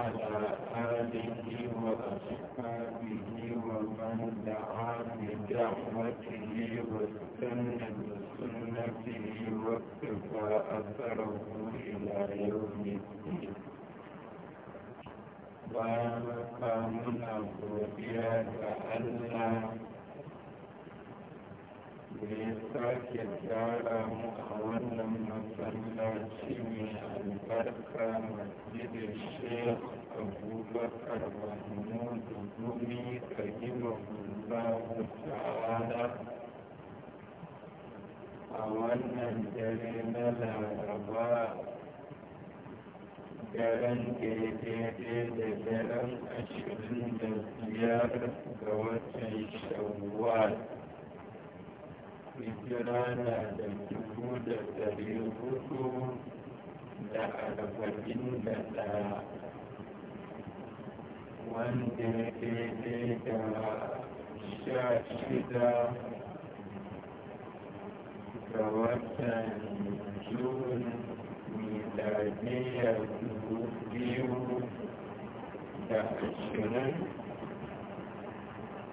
على آله وأصحابه ومن دعا بدعوته واستنى بسنته واكتفى أثره إلى يوم الدين bayan muna godiya ga Allah da ya sake gyara mu a wannan masallaci mai albarka masjidin shekh abubakar mahmudu gumi rahimahullahu ta'ala a wannan dare na laraba daren daidai da daren ashirin da biyar ga watan shawwal hijira na da dubu da hudu da arba'in da ɗaya wanda ya daidai da sha shida ga watan jun miladiyar biyu da ashirin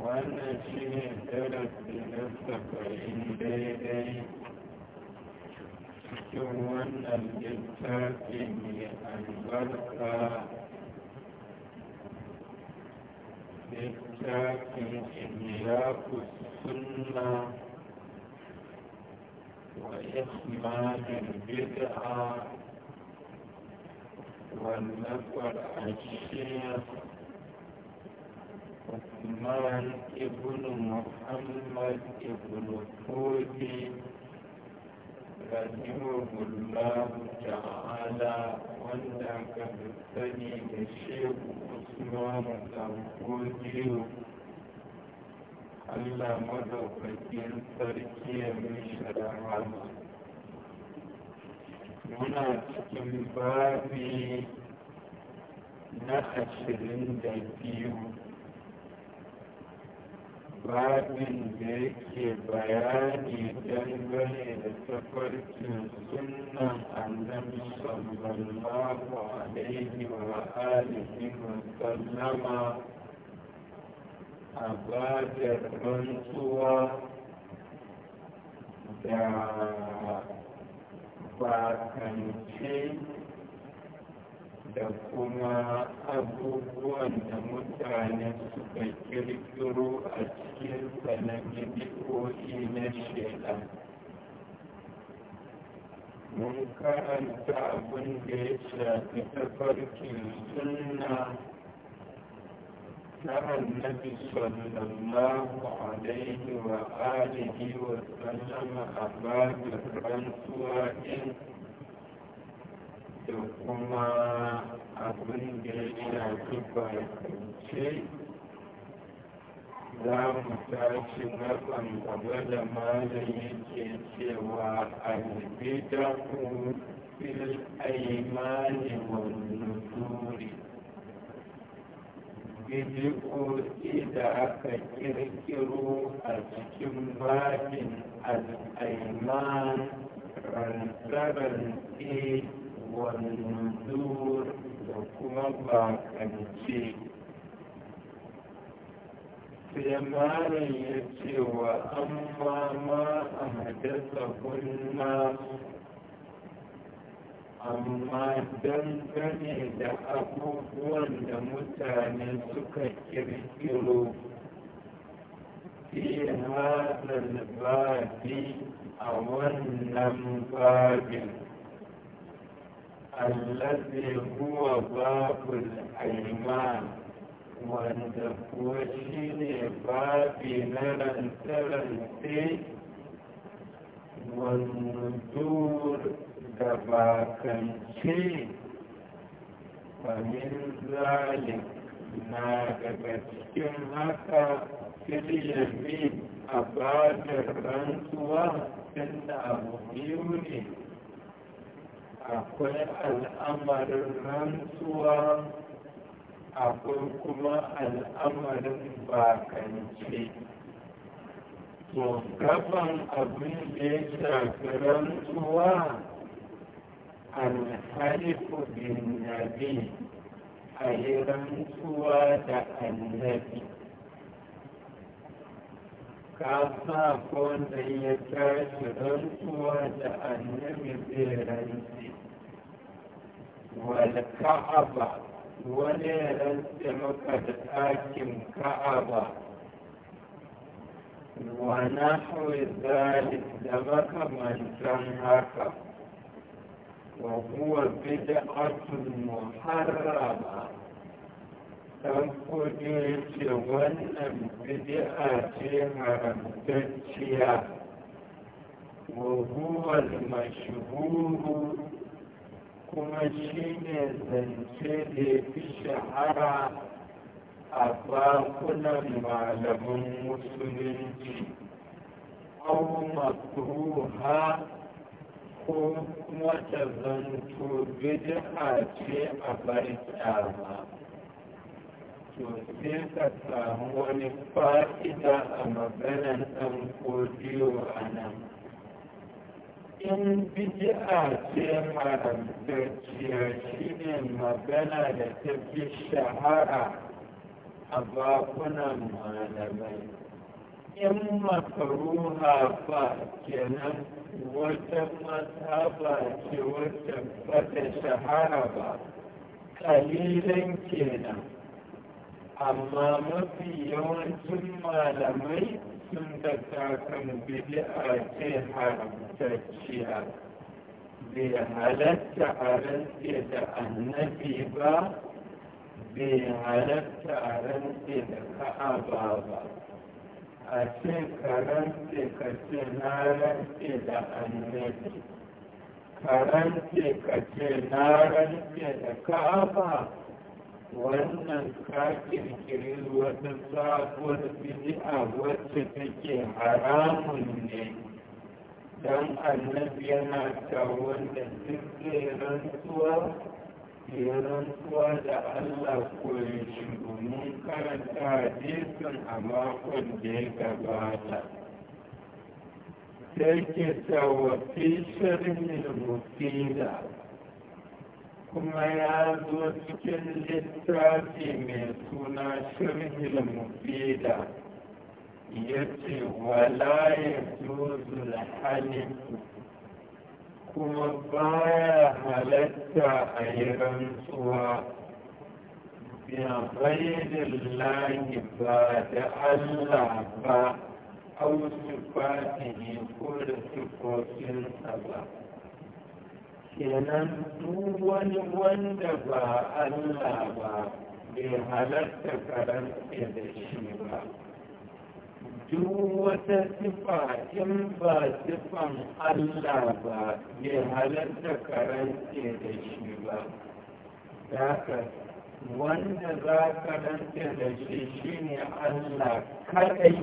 wannan shi ne darasi daidai cikin wannan littafi mai albarka littafin iyaku sunna wa ihmanin bid'a والنفر الشيخ عثمان ابن محمد ابن فوزي رحمه الله تعالى وانك بالثاني الشيخ عثمان الفوزي Allah madaukakin sarki ya mishi Muna cikin babi na ashirin da biyu. babin da yake bayani dangane da tafarkin sunan annabi sallallahu alaihi wa alihi wa sallama a bajar rantsuwa da bakance da kuma abubuwan da mutane suka kirkiro a cikin sanannin bi'o'i na shekar mun karanta abin da ya shafi tafarkin suna na annabi sallallahu alaihi wa alihi wa sallama a babin rantsuwa in da kuma abin da yana kifa ce za mu tashi gaban gaba da malam yake cewa albita ku fil aimani wal nuturi bidi'o'i da aka kirkiro a cikin babin al'aiman rantsarantsai والنذور وكما باكنتي سيما يتي وأما ما أحدثه الناس amma dangane da abubuwan da mutane suka kirkiro fi hazan babi a wannan babin الذي هو باب الأيمان وأن وشيني بابي نرن ترنتي والنذور دباكنشي ومن ذلك ما هكا في اليمين أبادر رنسوة إن أبو akwai al'amarin rantsuwa akwai kuma al'amarin bakance to gaban abin da ya shafi rantsuwa alhaifu bin nabi a yi rantsuwa da annabi ka sa ko da ya tashi rantsuwa da annabi bai rantsu والكعبة ولا سمكة آكم كعبة ونحو ذلك دمك من كان وهو بدعة محرمة تنقلت ولم بدعة حرمتشيا وهو المشهور kuma shi ne zance da ya fi shahara a bakunan malaman musulunci au makruha ko kuma ta zanto bid'a ce a bari kyama to ka samu wani fa'ida a maganan ɗan kodiyo a nan in bid'a ce haramtacciya shi ne magana da ta fi shahara a bakunan malamai in makaruha ba kenan wata mazhaba ce wata bata shahara ba kalilan kenan amma mafi yawancin tunda ta kan bidi'a ce haramtacciya bai halatta a rantse da annabi ba bai halatta a rantse da ka'aba ba a ce ka rantse ka ce na rantse da annabi ka rantse ka ce na rantse da ka'aba wannan kakin kirin wata sabuwar bid'a wacce take haramun ne don annabi yana ta da duk zai rantsuwa ya rantsuwa da Allah ko ya karanta hadisin a makon da ya gabata sai ke tawafi shirin da kuma ya zo cikin littafi mai suna shirhil mufida ya ce wala ya juzu halittu kuma baya halatta a yi rantsuwa ya bayyadin lahi ba da allah ba au sufatihi ko da sufofinsa ba kenan duk wani wanda ba Allah ba bai halatta karanta da shi ba duk wata sifa in ba sifan Allah ba bai halatta karanta da shi ba daka wanda za ka ranta da shi shi ne Allah kadai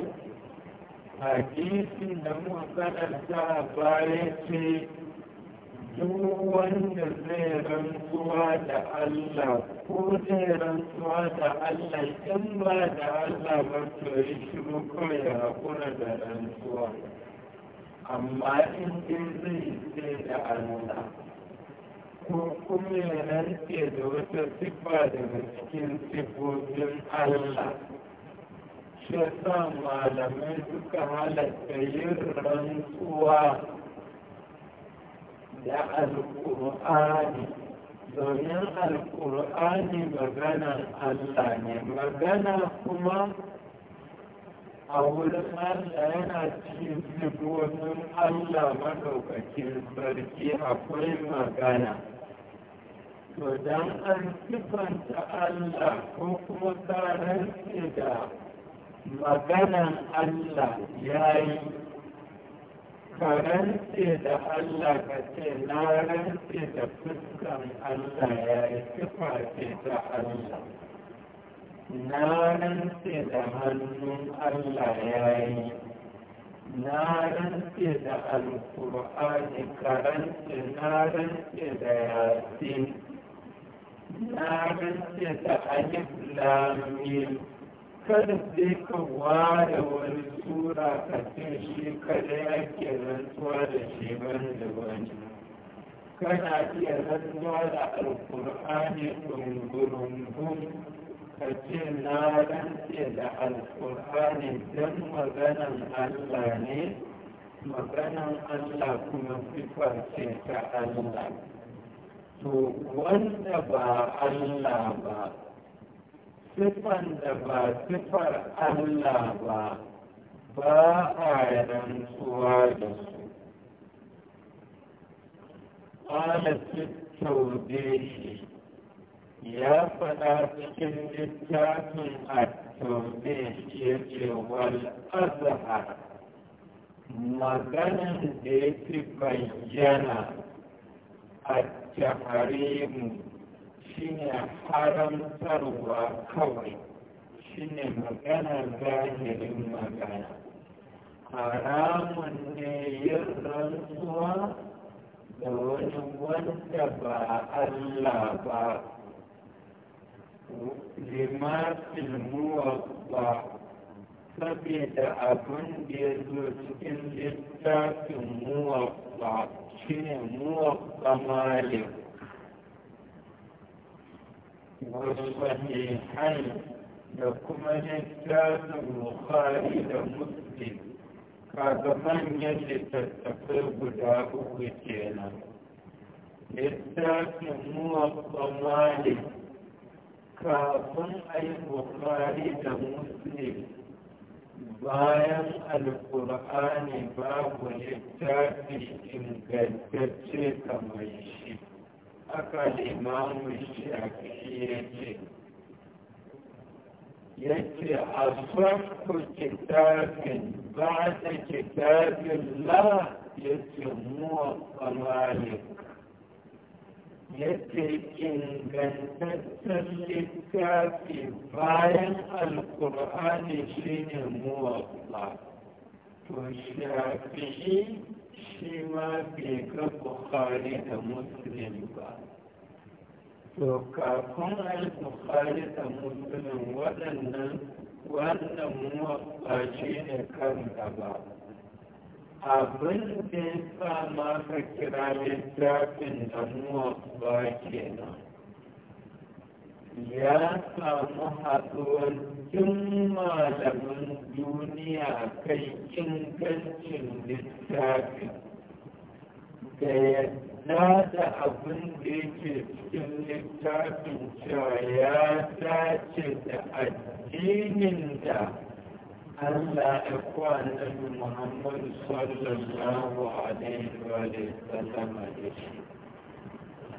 hadisin da muka karanta baya ce duk wanda zai rantsuwa da Allah ko zai rantsuwa da Allah in ba da Allah ba to yi shiru kawai ya hakura da rantsuwa amma in dai zai sai da Allah ko kuma ya rantse da wata siffa daga cikin siffofin Allah shi malamai suka halatta yin rantsuwa da alƙur'ani domin alƙur'ani maganan Allah ne magana kuma a wurin Allah yana cikin sigonin Allah madaukakin sarki akwai magana. To don an sifanta Allah ko kuma tsarar da maganan Allah ya yi ka da Allah ka ce na rantse da fuskan Allah ya yi sifa ce ta Allah na rantse da hannun Allah ya yi na rantse da alkur'ani ka na rantse da yasin na rantse da alif lamim kada sai ka ware wani sura ka ce shi ya ke rantsuwa da shi bane da wani kana iya rantsuwa da alkur'ani ɗungurungun ka ce na rantse da alkur'ani don maganan allah ne maganan allah kuma sifar ce ta allah to wanda ba allah ba sifan da ba sifar Allah ba ba a rantsuwa da su ƙwala tattaude ya faɗa cikin littafin a taube shi ya azahar maganin da ya fi bayyana a taharimu shi ne haramtarwa kawai shi ne magana zahirin magana haramun ne yin rantsuwa da wani wanda ba Allah ba lima filmuwa ba saboda abin da ya zo cikin littafin muwaffa shi ne muwaffa malik da kuma لكم الإنسان da لمسلم kaga manyan littattafai guda uku kenan littafin muwaffa malik kafin a yi bukari da muslim bayan alkur'ani babu littafi ingantacce kamar shi أكا الإمام الشافعي يأتي أصح كتاب بعد كتاب الله يسموه الطمالك يأتي إن كتاب باين القرآن شين موطا والشافعي shi ma ke ga bukhari da muslim ba to kafin al-bukhari da muslim waɗannan wannan mawaƙaci ne kan gaba abin da ya sa ma ka kira littafin da ke nan. ya samu haɗuwar jin malaman duniya kai ingancin littafin da yadda da abin da yake cikin littafin cewa ya dace da addinin da Allah ya kwanar Muhammadu sallallahu alaihi wa sallama da shi.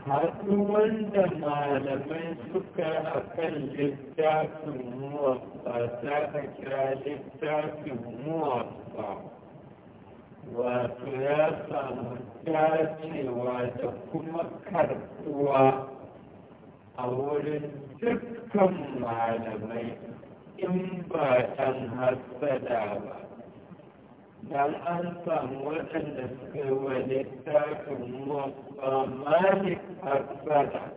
haɗuwan wanda malamai suka a kan littafin muwafa za a kira littafin muwafa wato ya samu dacewa da kuma karɓuwa a wurin dukkan malamai in ba ɗan hasada ba dan an samu waɗanda suka yi wa littafin motsa malik hasada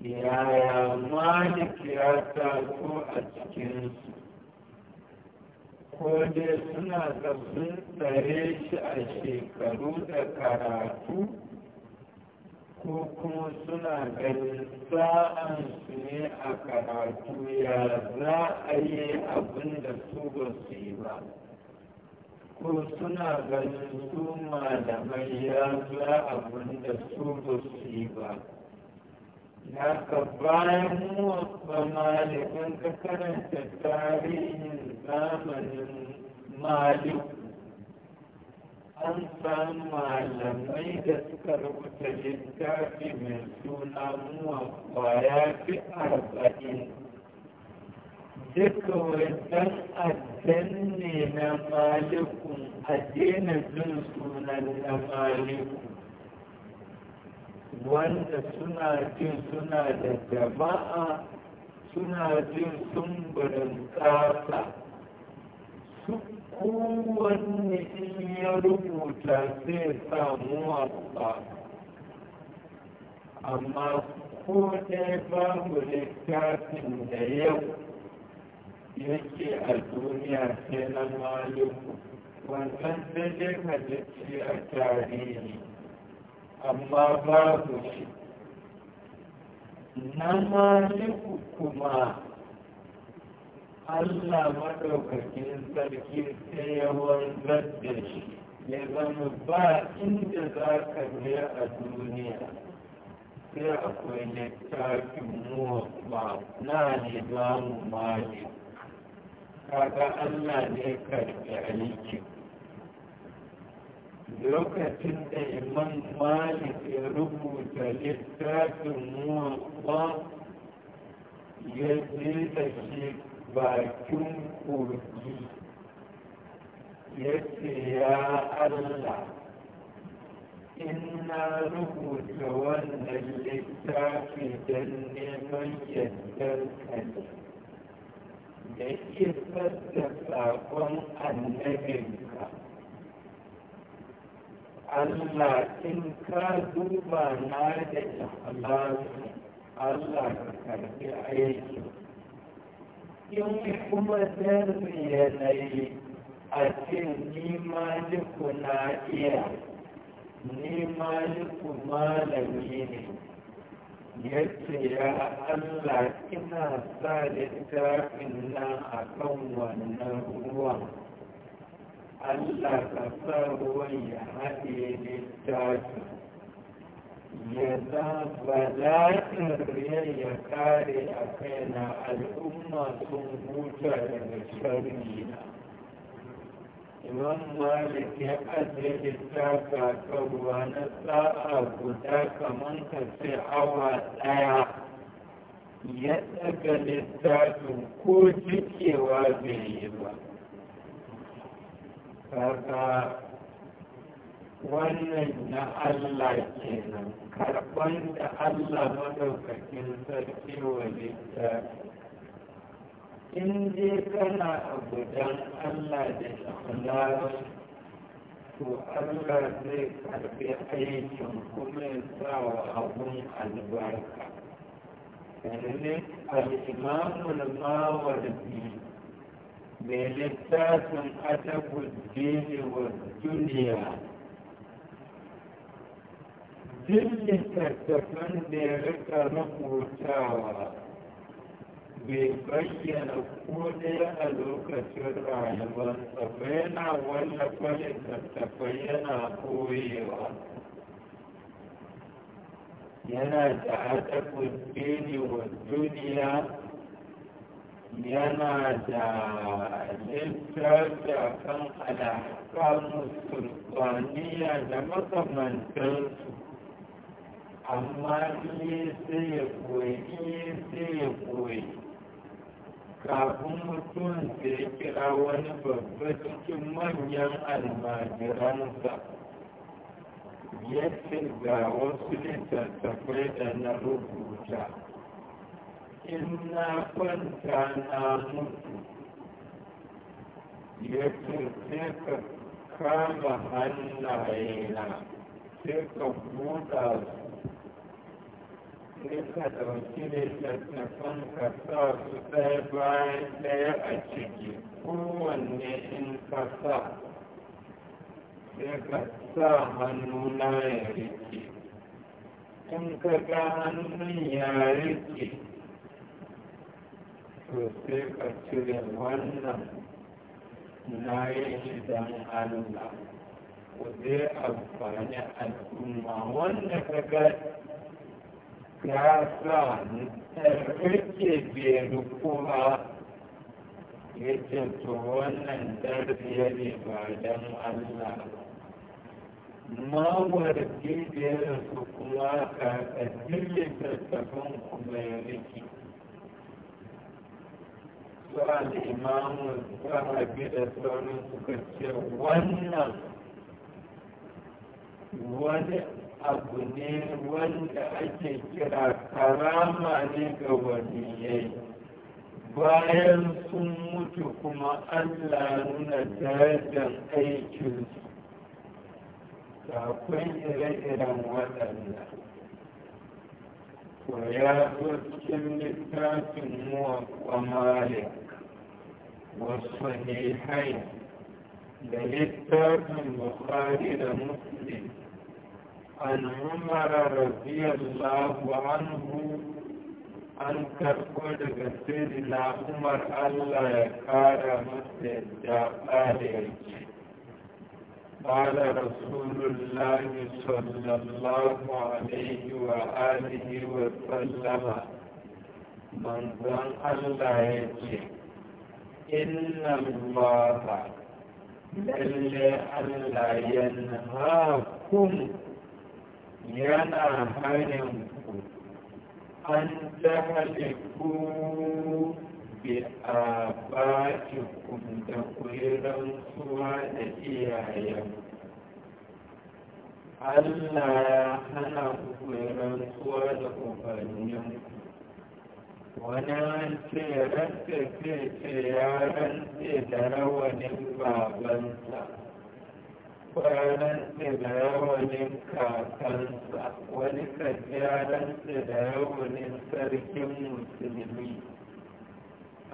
yaya malik ya taso a cikinsu ko dai suna sabbin tsare shi a shekaru da karatu ko kuma suna ganin sa'ansu ne a karatu ya za a yi abin da su ba su yi ba ko suna ganin su malamai ya za abin da su ba su yi ba ka bayan muwaffa malikun ka karanta tarihin zamanin malik an samu malamai da suka rubuta littafi mai suna muwaffa ya fi arba'in duka wajen addan ne na malikun a daina jin sunan na malikun wanda suna jin suna da jama'a suna jin sun burin su kowanne in ya rubuta zai samu abba amma ko ɗaya babu littafin da yau yake a duniya sai na maluku wannan daidai halittu a tarihi amma babu shi na maliku kuma Allah maɗaukakin sarki sai ya wanzar da shi ya zama ba inda za ka biya a duniya sai akwai littafin muwa na ne za mu mali kaga Allah ne karɓi aikin lokacin da imam malik ya rubuta littafin muwaɓa ya je da shi bakin kogi ya ce ya allah ina rubuta wannan littafi don neman yardar ka ne da isar da sakon annabinka Allah in ka duba na da ikhlasu Allah ka karbi aiki in kuma zarri yanayi a ce ni maliku na iya ni maliku malami ne ya ya Allah ina sa littafin nan a kan wannan ruwan Allah ka sa ruwan ya haɗe littafi ya za ta riyar ya kare a kaina al'umma sun huta daga sharri na. Imam Malik ya ajiye littafi a na sa'a guda kamar ka ce awa ɗaya. Ya ɗaga littafin ko jikewa bai yi ba. kaga wannan na Allah kenan karɓar da Allah madaukakin sarki walitta in je kana abu don Allah da ikhlasi to Allah zai karɓi aikin kuma ya sa wa abun albarka. Yanzu ne al-imamu mawardi بلساتهم أدب الدين والدنيا دل تتفن لك ربوتاوى بيبين كل ألوك سرع والتفين ولا فلتتفين أقويوى ينا تعتق الدين والدنيا yana da littafi a kan alaƙar turkwaniya da makamantarsu amma ne sai ya koyi ne sai ya koyi kafin mutum da ya kira wani babba cikin manyan almajiransa ya ga wasu littattafai da na rubuta in na kwanta na mutu ya ce sai ka kama hannayena sai ka buɗa su sai ka ɗauki littattafan ka sa su ɗaya bayan ɗaya a ciki kowanne in ka sa sai ka sa hannuna ya rike in ka ga hannun ya rike to sai ka cire wannan na yi shi don Allah ku zai amfani al'umma wanda ka ga ya sa rike bai kuma ya ce to wannan darbiya ne ba don Allah mawar gidiyar su kuma ka jirgin tattafin kuma ya rike su an imamun sahabi da sauran suka ce wannan wani abu ne wanda ake kira karama ne ga waliyai bayan sun mutu kuma allah nuna darajar aikinsu akwai ire-iren waɗanda ko ya zo cikin littafin muwa kwamariya والصحيحين للكتاب البخاري ومسلم عن عمر رضي الله عنه أن تقول daga عمر na umar allah ya kara قال رسول الله صلى الله عليه وآله وسلم من ظن الله يجيب inna allaha lalle allah yanhaakum yana hanin ku an tahaliku bi abaikum da ku yi da iyayenku Allah ya hana ku rantsuwa da ubanninku wani ce ranta ce ce ya rantse da rawanin babansa rantse da rawanin kakansa wani kaji rantse da rawanin sarkin musulmi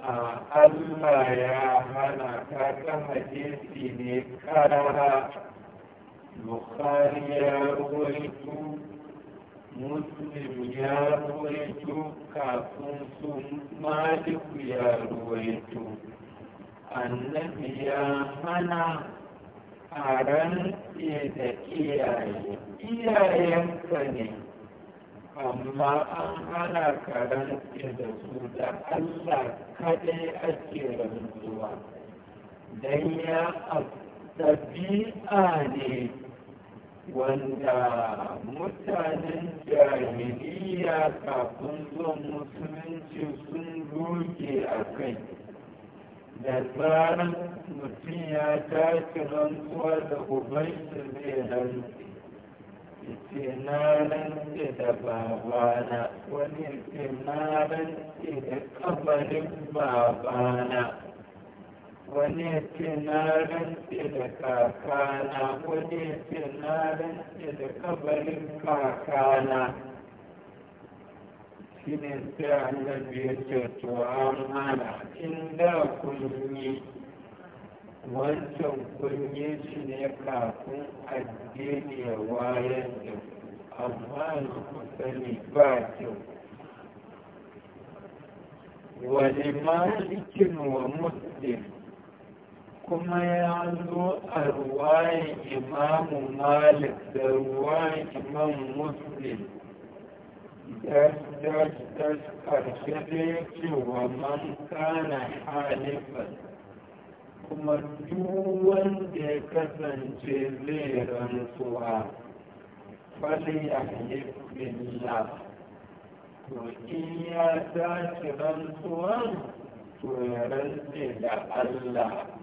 a allah ya hana kakan hadisi ne karara bukari ya ruwaito muslim ya ruwaito kafin su maliku ya ruwaito annabi ya hana a rantse da iyaye ne amma an hana ka rantse da su da allah kaɗai ake rantsuwa don ya ɗabi'a ne wanda mutanen jahiliya kafin zuwan musulunci sun doge a kai da tsarin mutum ya tashi rantsuwa da ubansa zai rantsi ce na rantsi da babana wani ce na rantsi da kabarin babana wani ya ce na rantse da kakana wani ya ce na rantse da kabarin kakana shi ne sai annabi ya ce to amana in da kun yi wancan kun yi shi ne kafin addini ya wayar da amma amma ku sani ba kyau wa ومسلم kuma ya zo a ruwayin imamu malik da ruwayin imam muslim das ƙarshe dai cewa man kana halifan kuma duk wanda ya kasance zai rantsuwa fali a billah to in ya dace rantsuwan to ya rantse da allah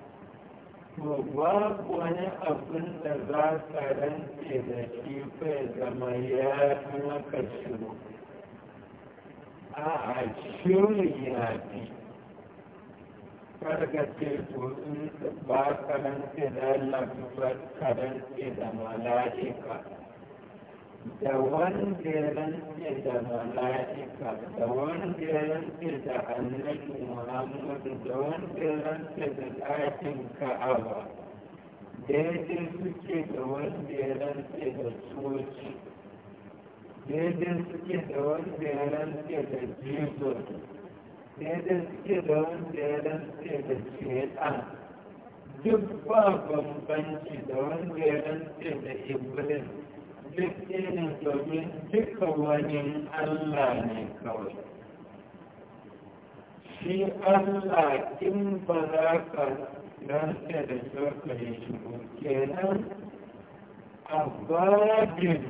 Pokoknya akan terdasaran pada kipe zamaya sama kasih. Asyuriyati. Pergati pun bahkan tidak lakukan kerana tidak malaikat. da wanda ya rantse da mala'ika da wanda ya rantse da annabi muhammadu da wanda ya rantse da ɗakin ka'aba daidai suke da wanda ya rantse da soci daidai suke da wanda ya rantse da jesus daidai suke da wanda ya rantse da shaitan duk ba bambanci da wanda ya rantse da iblis duk domin duka wani Allah ne kawai. Shi Allah in ba za ka rasa da shaka ya shigo kenan a babin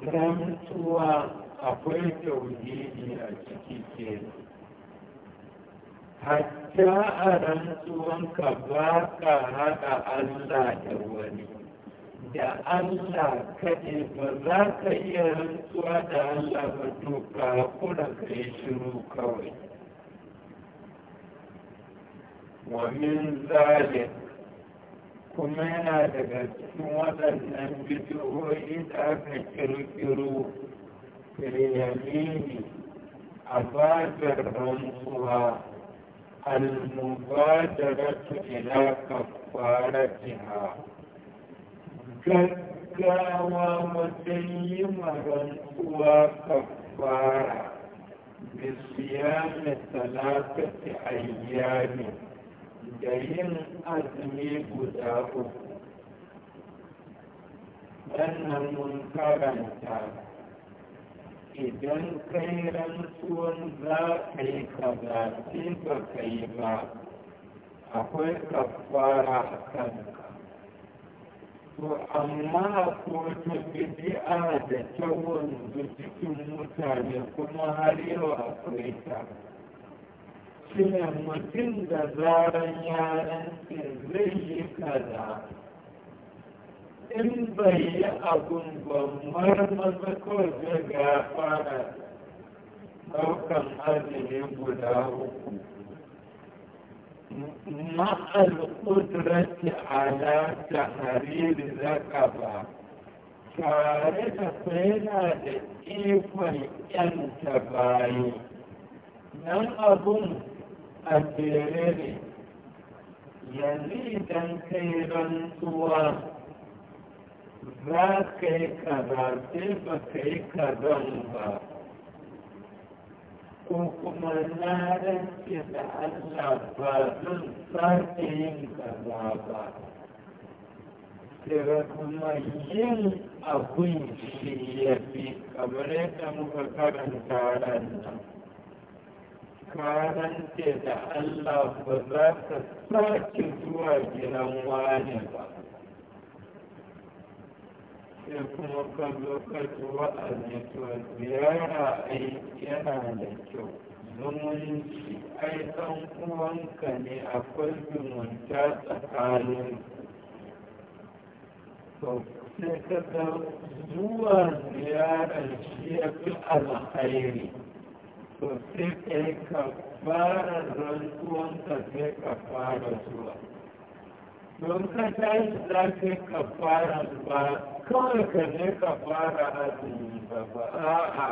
ramtuwa akwai tauhidi a ciki kenan. Hatta a ka ba ka haɗa Allah da wani. da Allah kaɗe ba za ka iya rantsuwa da Allah ba to ka ka yi shiru kawai. Wa min kuma yana daga cikin waɗannan bidiyoyi da aka kirkiro firyamini a bajar rantsuwa al-mubadaratu ila kafaratiha. gaggawa wajen yi marantuwa kafara da siyami talatati ayyami da yin azumi guda uku wannan mun karanta idan kai rantsuwan za ka yi kaza ba ka yi ba akwai kafara a kanka to amma ko ta bidi'a da ta wanzu cikin mutane kuma har yau akwai ta shine mutum da zaran yaran zai yi kaza in bai yi abun ba maza ko zai ga fara daukan azumi guda uku ما القدرة على تحرير الرقبة كارثة فينا لكيف ينتبعي لم أظن أبيريني يزيدا خيرا سوى ذاك كذا تلك كذا ko kuma na da Allah ba zan sake yin kaza ba. Daga kuma yin abin shi ya fi kamar yadda muka karanta ran nan. da Allah ba za ka sake zuwa gidan wani ba. sai kuma ka zo ka ci wa'azi to ziyara ai yana da kyau zumunci ai ɗan uwanka ne akwai zumunta tsakanin to sai ka ga zuwa ziyarar shi ya fi alkhairi to sai ka yi ka fara rantsuwanka sai ka fara zuwa don ka tashi za ka fara ba kawai ka je ka fara azumi ba ba a'a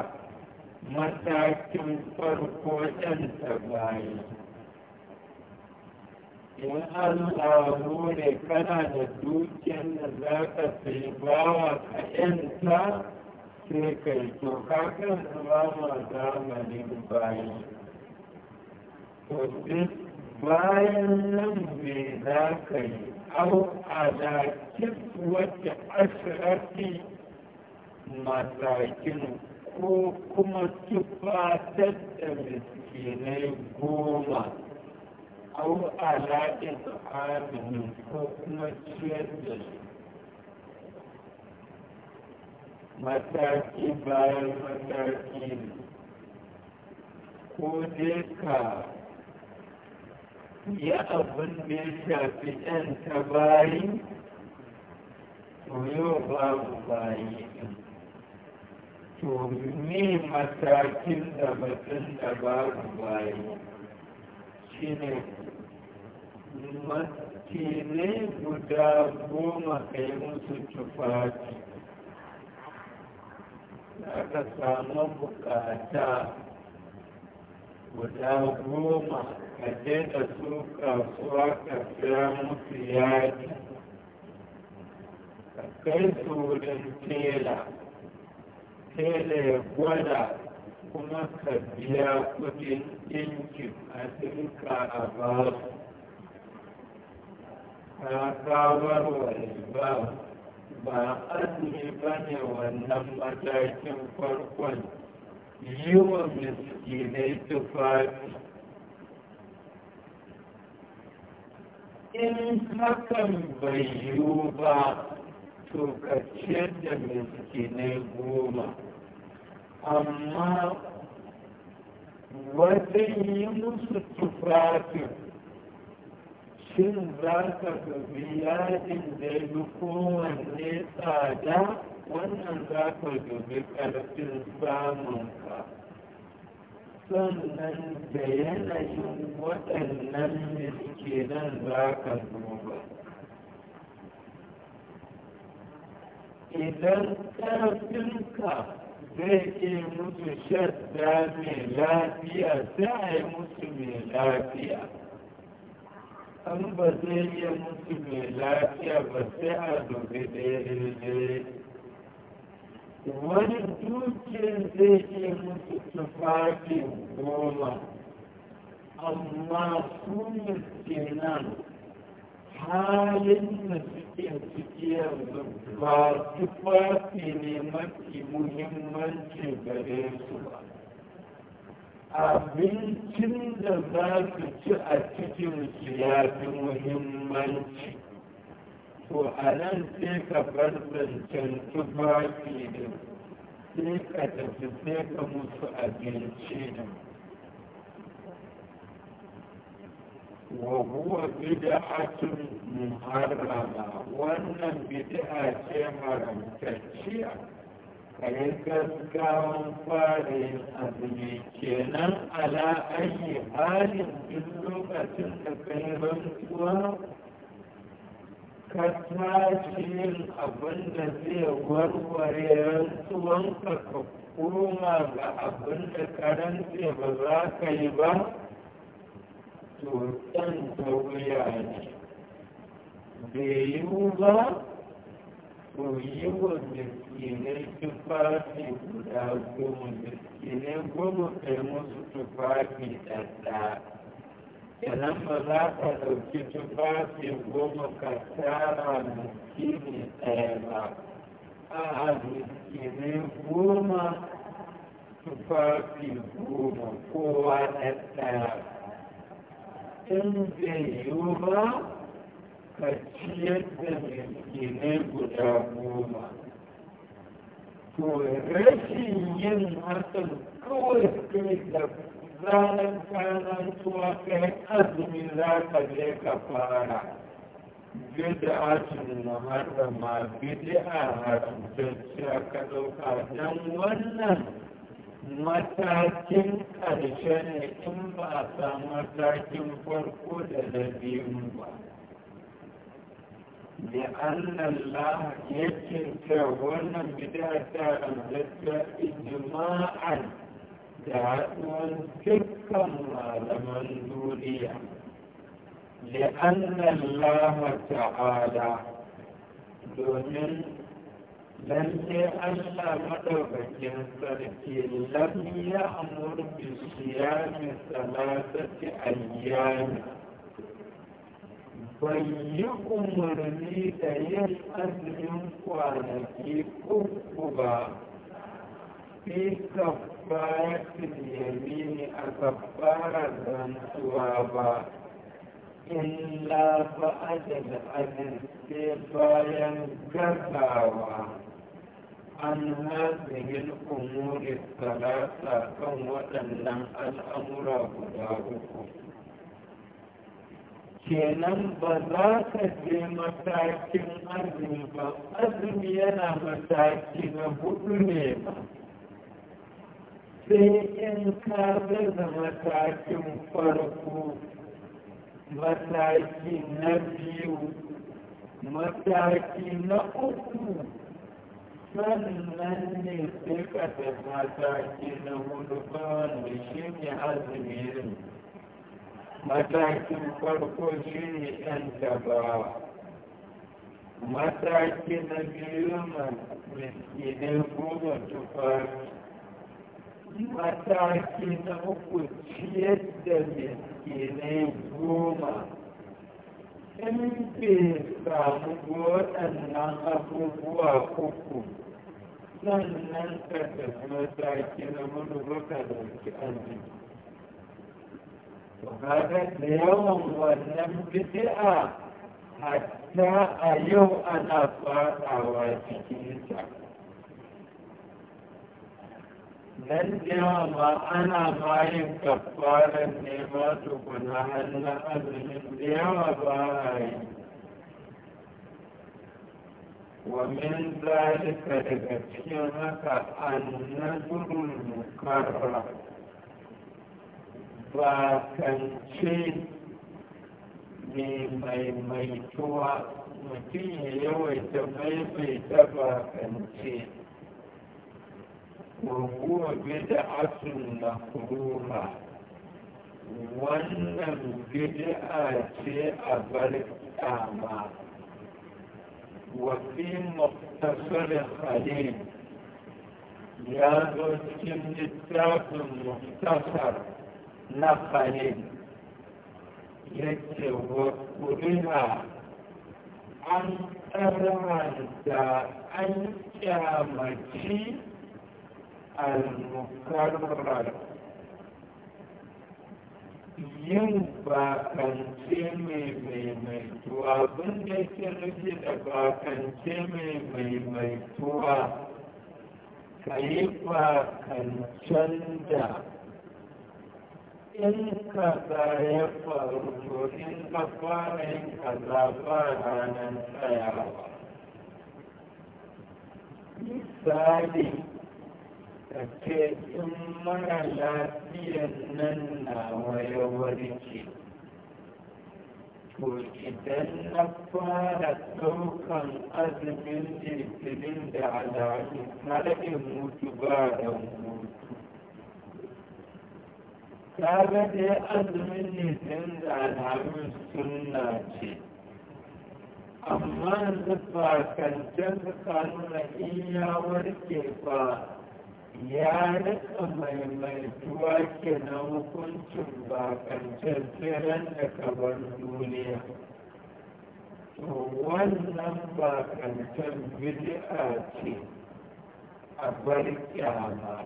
matakin farko ɗan ta bayi in samu ne kana da dukiyar da za ka sai bawa ka ‘yanta sai ka yi to kan zama ma zamanin bayi to duk bayan nan me za ka yi أو على كسوة أسرة مساكن ko kuma tufatar da miskinai goma au alaƙin amini ko kuma ciyar da su mataki bayan mataki ne ko dai ka Yi abin da ya shafi ɗan ta bayi to yau babu bayi to ne matakin da batun da babu bayi shi ne guda goma kai musu tufafi ka samu bukata guda goma ka je da su kasuwa ka siya musu yaki ka kai su wurin tela tela ya gwada kuma ka biya kudin ɗinkin a dinka a su. ka kawar wa ba ba azumi ba ne wannan matakin farkon yi wa miskinai tufafi in hakan bai yiwu ba to ka ciyar da miskinai goma amma wajen yi musu tufafin shin za ka gabi yadin da ya kowanne tsada wannan za ka dubi ƙarfin samunka sannan da yanayin waɗannan miskinan za ka duba idan ƙarfinka zai iya musu shadda mai lafiya za a yi musu mai lafiya an ba zai iya musu mai lafiya ba sai a dubi ɗaya ɗaya wani dukiyar zai iya musu tufafin goma amma su miskinan halin da suke ciki yanzu ba tufafi ne mafi muhimmanci gare su ba abincin da za su ci a cikin su ya fi muhimmanci to a nan sai ka bar zancen tufafi din sai ka tafi sai ka musu abinci din وهو بدعة محرمة وأن بدعة حرام تشيع فيكسكاهم فارين أبنيكينا على أي حال باللغة التي ka tashi yin abin da zai warware rantsuwan ka koma ga abin da karanta ba za ka yi ba to ɗan ta wuya ne bai yiwu ba to yi wa miskinai tufafi guda goma miskinai goma kai musu tufafi ɗaɗɗa idan ba za ka ɗauki tufafi goma ka tara miskini ɗaya ba a'a miskinai goma tufafi goma kowa ɗaya in bai yiwu ba ka ciyar da miskinai guda goma to rashin yin hakan kawai kai da ranar kwanan tuwa kai azumi za ka je ka fara bid'atun muharrama bid'a cewa ka ɗauka don wannan matakin ƙarshe ne in ba a samu matakin farko da na biyun ba لأن الله wannan كون بداية الجدة إجماعاً دعوة تلك لمن دولية لأن الله تعالى دون لم ألا مدوكين تركي لم يأمر بصيام ثلاثة أيام فيأمرني دين أزم قوانكي كفبا في كفبا kafayatul yamini a kafarar rantsuwa ba illa ba'ada da adin sai bayan gazawa an hazihin umuri talata kan waɗannan al'amura guda uku kenan ba za ka je matakin azumi ba azumi yana mataki na hudu ne ba sai in ka gaza matakin farko mataki na biyu mataki na uku sannan ne sai ka tafi mataki na hudu ba wanda shi ne azumirin matakin farko shi ne yan tabawa mataki na biyu ma miskinai goma tufafi mataki na uku ciyar da miskinai goma in bai samu waɗannan abubuwa uku sannan ka tafi mataki na manufa ka ɗauki arziki وهذا اليوم ولم بدأ حتى أيوم أنا فاقع واتكيسك Lallewa ba ana bayan kafarar ne ba tukuna hannun azumin da yawa ba yi. ومن ذلك لكتيرك النذر المكرر bakance ne maimaituwa mutum ya yawaita maimaita bakance وهو بدعة مكروهة wannan bid'a ce a bar kama wa fi muktasar ya zo cikin littafin muktasar na halin yake wa kuriha an karanta an kyamaci al-mukarrara yin bakance mai maimaituwa abin da ke nufi da bakance mai maimaituwa ka yi bakancen da in kaza ya faru to in ka fara yin kaza ba ranar tsayawa misali ce in mara lafiyan nan nawa ya warke to idan na fara ɗaukan azumin jirgin da al'adu na rage mutu ba da mutu ga dai azumin jirgin da alamu sunna ce amma yanzu ba kan canza kanuna in ya warke ba ya rika maimaituwa ke na hukuncin bakancin tseren da kabar duniya to wannan bakancin bid'a ce a bar kyama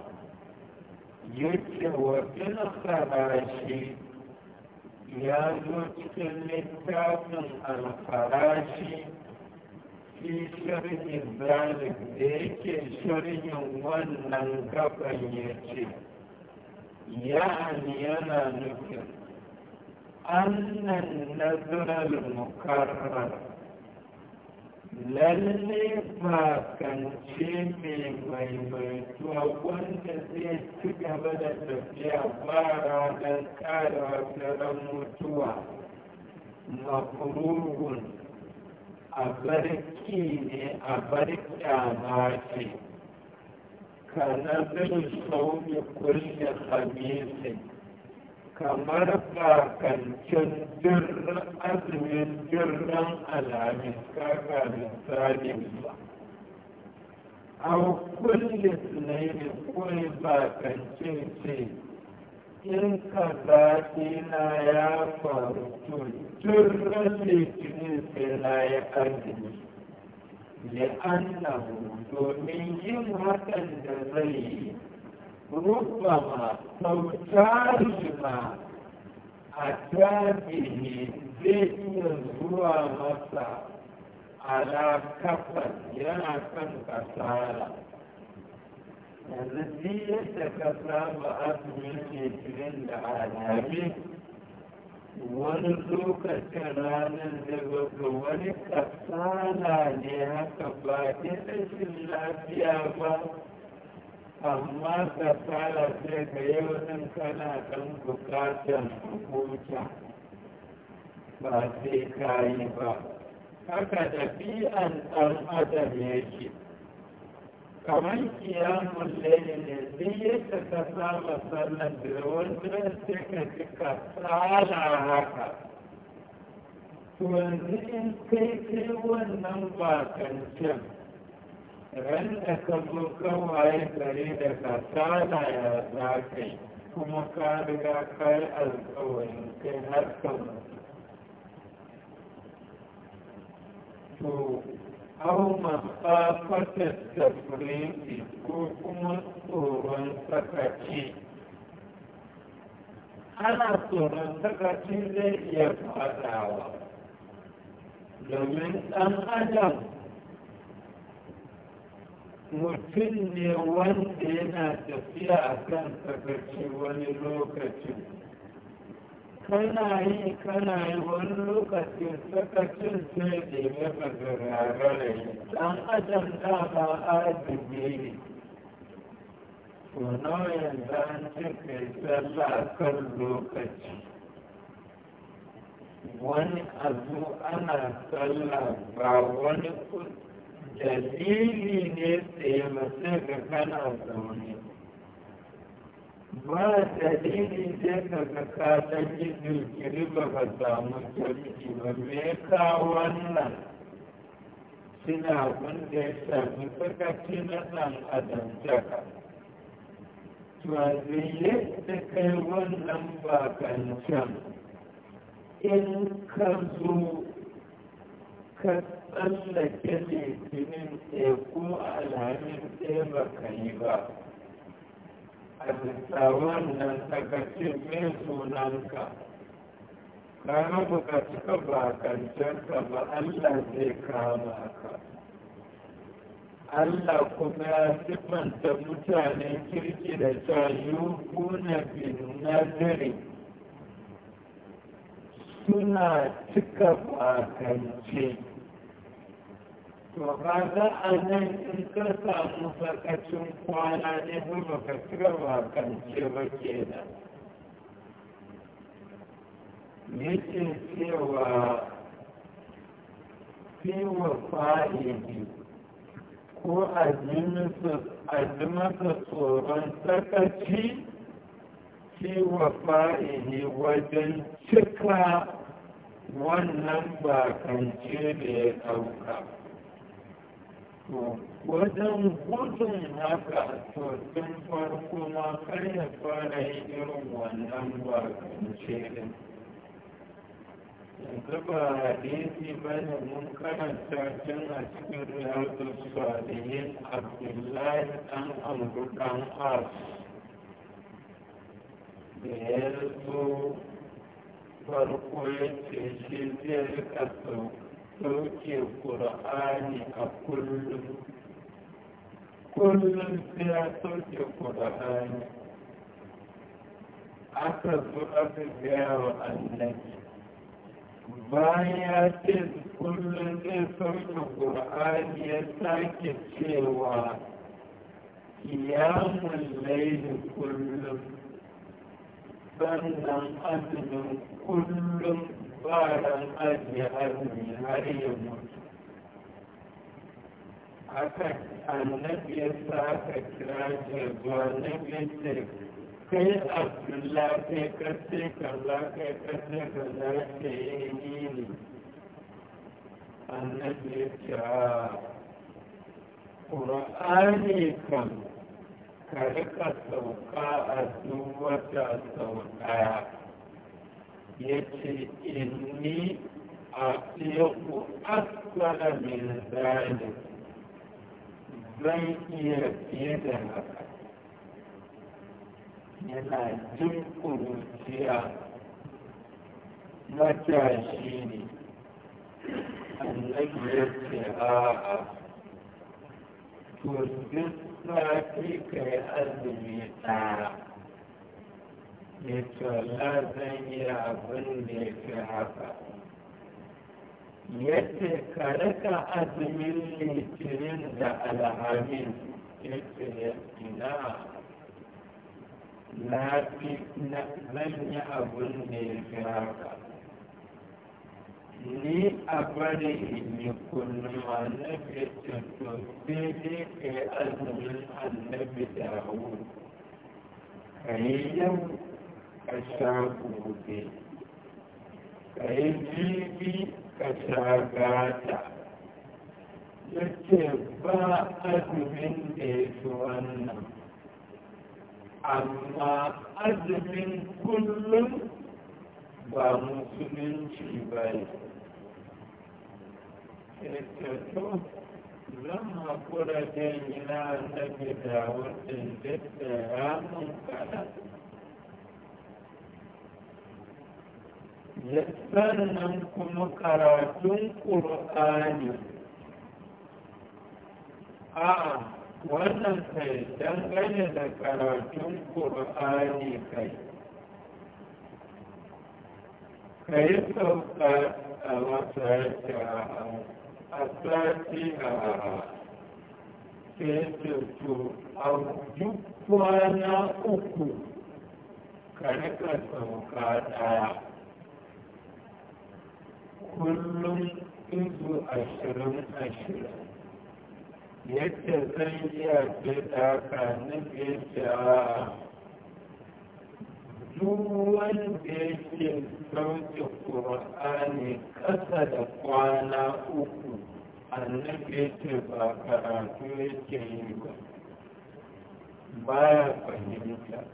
yake wa bin farashi ya zo cikin littafin alfarashi fi sharhin zalik da yake sharhin wannan gaban ya ce ya'ani yana nufin annan nazarar mukarrar lalle ba kance mai maimaituwa wanda zai ci gaba da tafiya ba ranar kara wata mutuwa makururun a barki aiki ne a bar kyama ce kanabin sauri kulle hamisin kamar bakancin jirgin azumin jirgin alamis kaka misali ba au kulle sinai kulle bakancin ce in ka na ya faru tun. jirgin litinin sai na ya لأنه من جهة الجزي ربما تختار ما أتى به ذهن هو مسا على كفر ينا كان كسالة yanzu duk yadda ka saba azumin ke da alhamis wani lokacin ranar daga ga wani kasala ne haka ba ta rashin lafiya ba amma kasala sai ga yau kana ɗan bukatan hukunta ba sai kayi ba haka biyan ɗan adam yake كمان قيام الليل الذي تتساوى صلاة الوتر تكتك صالة هكا توزين كيفي والنمبا كنشم رنك بوكو أي بريدك صالة يا ذاكي كما كارغا كاي الكوين كي تو Hau ma da tafurinti ko kuma tsoron sakaci. Ana tsoron sakaci zai iya fadawa, domin ɗan adam mutum ne wanda yana tafiya a kan sakaci wani lokacin. kana yi kana yi wani lokaci sakacin sai da ya maka gagarai dan adam da ba a dubi to nawa yanzu an cika sallah kan lokaci wani abu ana sallah ba wani dalili ne tsaye masu ga kana zaune ba ta ne sai ka ga ka ɗan yi jirgiri ba ka samu sarki ba me ka wannan suna abin ya shafi sakaci na ɗan adam jaka to a zai kai wannan ba kan can in ka zo ka tsallake litinin teku alhamin ɗaya ba ka yi ba da wannan daga cikin sunanka kana ka cika bakancanka ba Allah zai kama ka Allah kuma ya siffanta mutanen kirki da cewa yuhuna bin nazari suna cika bakance to kaga a nan in ka samu sakacin kwana ne ba ka kan bakance ba ke da yake cewa fiwa fa'idi ko a ji masa tsoron sakaci fiwa fa'idi wajen cika wannan bakance da ya ɗauka. wajen gudun haka to tun farko ma kar ya fara yi irin wannan ba shirin yanzu ba hadisi ba ne mun karanta tun a cikin riyadu salihin abdullahi an amru dan as sauke ƙura'ani a kullum kullum sai ya sauke ƙura'ani aka zo aka gaya wa annabi bayan ya ce kullum zai sauke ƙura'ani ya sake cewa kiyamun laifin kullum sannan azumin kullum بعد أن أدي أذني هري أكد النبي ساك كراجة والنبي سيك كي عبد الله كي كتري كلا كي كتري كلا كي إيني النبي سيك قرآني كم كركة سوكا أسوة سوكا ya ce inni a tsiyaku asala min zalik zan iya fiye da haka yana jin kuruciya matashi ne annabi ya ce a'a to duk safi kai yi azumi tara. ya ce Allah zan yi abin da ya fi haka ya ce ka raka azumin litinin da alhamin ya ce ina na fi zan yi abin da ya fi haka ni a bari ni kullum annabi ta to sai dai ka yi azumin annabi da hau ka yi yau ka sha gobe ka yi jibi ka sha gata yace ba azumin da ya fi wannan amma azumin kullum ba musulunci ba ne to zan haƙura da yana na gida waɗanda da ramin kaɗan sannan kuma karatun ƙur'ani a wannan kai dangane da karatun ƙur'ani kai ka yi sauka a masarci a sati a fesoto a duk kwana uku ka rika sauka ɗaya kullum izu ashirin ashirin yadda zan iya fita ka nufi cewa duk wanda yake sauke ƙur'ani ƙasa da kwana uku a nufin ce ba karatu yake yi ba baya fahimta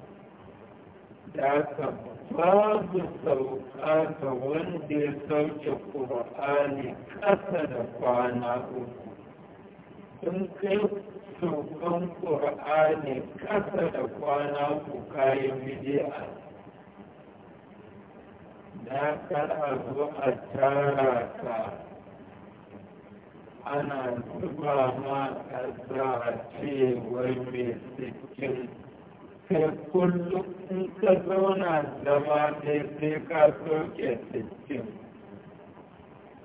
da haka babu sauka ga wanda ya sauke ƙur'ani ƙasa da kwana uku sun kai saukan ƙur'ani ƙasa da kwana uku kayan bidi'a da kar a zo a tara ka ana zuba ma ƙasa a cewar mai sikin kai kullum in ka zauna gaba ɗaya sai ka soke sittin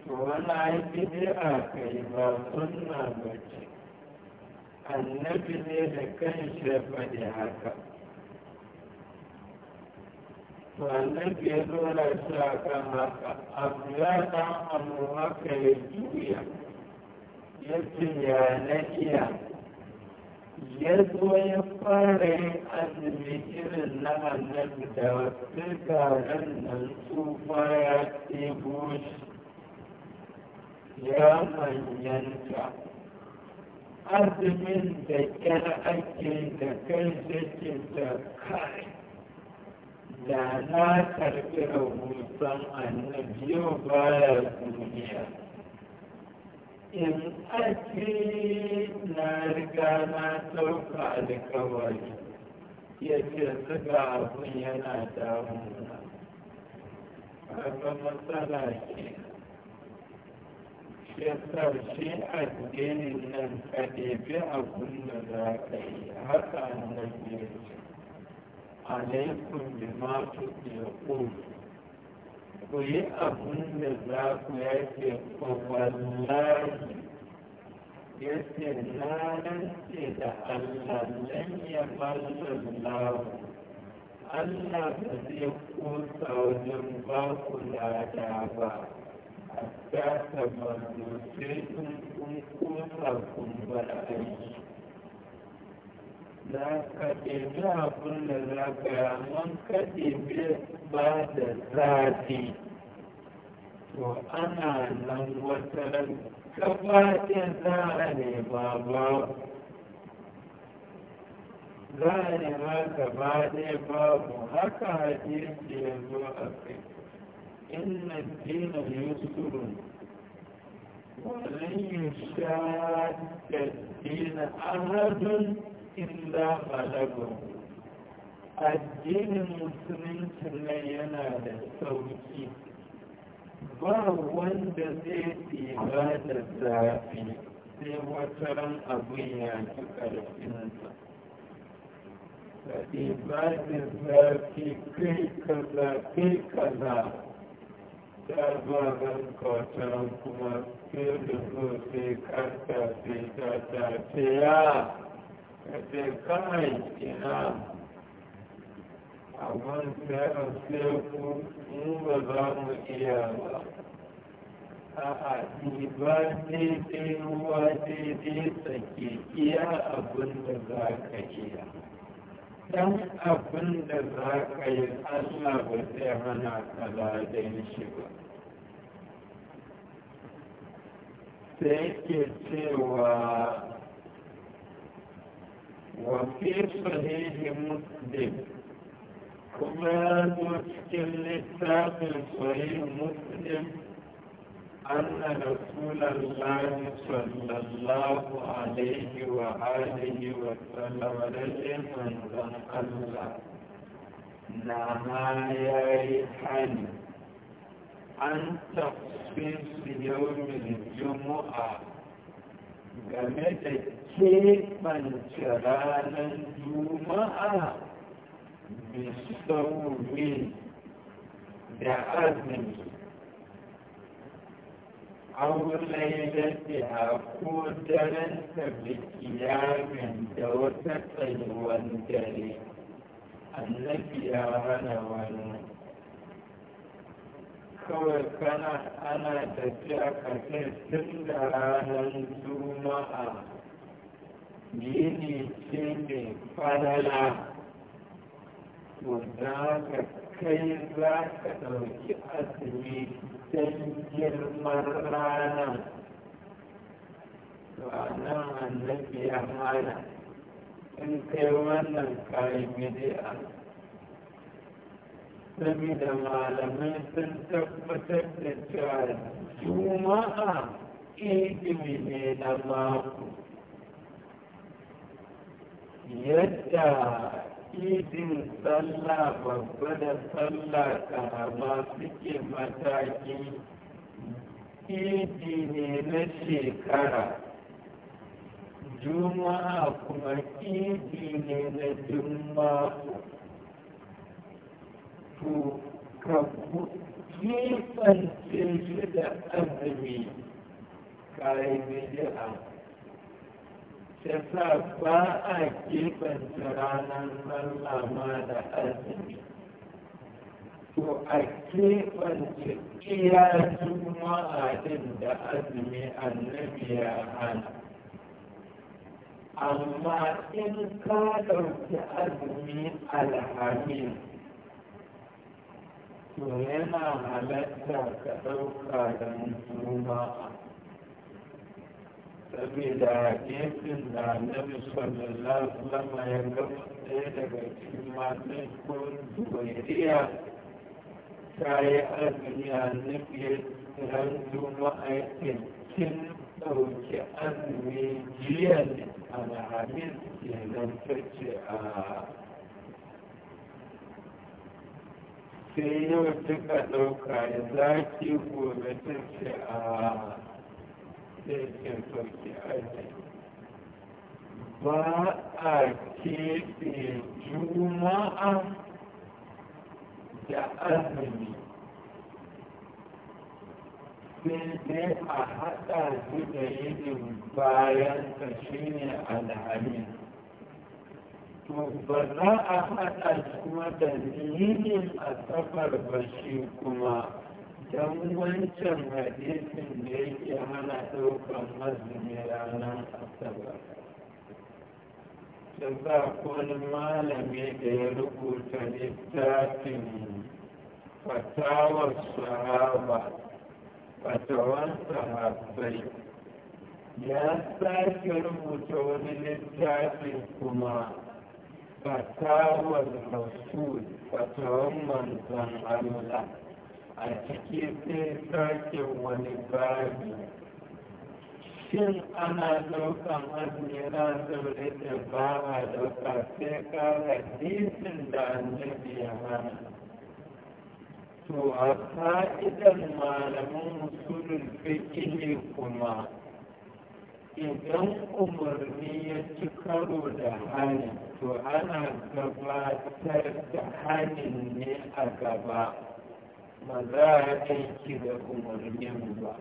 to wani aiki ne a kai ba sunna ba ce annabi ne da kan shafa ne haka to annabi ya zora shi a kan haka abu ya ɗan amurwa ka ya juya ya ce ya na iya ya zo ya fara yin azumi irin na annabi da wasu garin nan tsufa ya ɗebo shi ya manyanta azumin da ƙyar ake da kai yake da kai da na karɓi rahoton annabi yau baya duniya in ake na riga na ɗauka alkawari ya ce suga abin yana damuna kaga matsala ce shi yasa addinin nan ka ɗebi abin da za ka yi haka na biyu alaikum bi ma tuɗe ƙuri ku yi abin da za ku yake yake na rance da Allah nan ya fasa lawo Allah ba zai kusa wajen ba ku lada ba a kasa manzo sai kun kusa kun bar aiki za ka ɗebi abin da za ka yi amma ka ɗebi ba da zafi to ana nan wata ran gabaɗin za a nema ba za a ma nema ɗaya babu haka hadisi ya zo a kai inna dina yusurun ولن يشاد الدين أحد illa balagun addinin musulunci nan yana da sauki ba wanda zai tsira da zafi sai wata ran abin ya ci ƙarfinsa kaɗi ba da zafi kai kaza kai kaza ta ba ran kwata kuma sai da zo sai karta sai ta ta ya kace kai ina abin sai a sai mu ba za mu iya ba a'a ni ba daidai ruwa daidai sake iya abin da za ka iya dan abin da za ka yi allah ba zai hana ka ladan shi ba sai ke cewa وفي صحيح مسلم كما تشكل لساق صحيح مسلم أن رسول الله صلى الله عليه وآله وسلم رجل من الله نهى يا تقصي تخصيص يوم الجمعة game da keɓance ranar juma'a bisauri da azumi aulai da ta ko daranta bikiyamin da wata tsayuwan dare annabi ya hana wannan kawai kana ana tafiya kafin tun da ranar juma'a yini ce mai Ku wanda ka kai za ka ɗauki azumi don girman rana. ranar annabi ya mana in kai wannan kayan bidi'a sabida malamai sun tabbatar da cewa juma'a idimi ne na mako yadda idin sallah babba da sallah karama suke mataki idi ne na shekara juma'a kuma idi ne na dun mako to ka kefance shi da azumi kayan bid'a ta sa ba a kefance ranar sallah da azumi to a kefance iya juma'a din da azumi annabi ya hana amma in ka ɗauki azumi alhamis to yana halatta ka ɗauka da musulma saboda gefen da annabi sallallahu lama ya gama ɗaya daga cikin matan ko zuwairiya ta yi azumi annabi ya ran juma'a kin ɗauki azumi jiya ne a nahamin ke zantacce a sai yau suka ɗauka da zaki gobe ta ce a sai ce sauki aji ba a keɓe juma'a da azumi sai dai a haɗa su da yinin bayan ka shine alhamis ba za a haɗa kuma da dalilin a safar ba shi kuma don wancan hadisin da yake hana ɗaukar mazumi ranar asabar da za wani malami da ya rubuta littafin fatawar sahaba fatawar sahabai ya sake rubuta wani littafin kuma fatawar rasul fatawar manzan Allah a cikin sai sake wani babi shin ana daukan azumi ranar da ba a dauka sai ka hadisin da annabi ya hana to a fa'idan malaman musulun fiqh kuma idan umarni ya ci karo da hannun to ana gabatar da hannun ne a gaba ba za a aiki da umarnin ba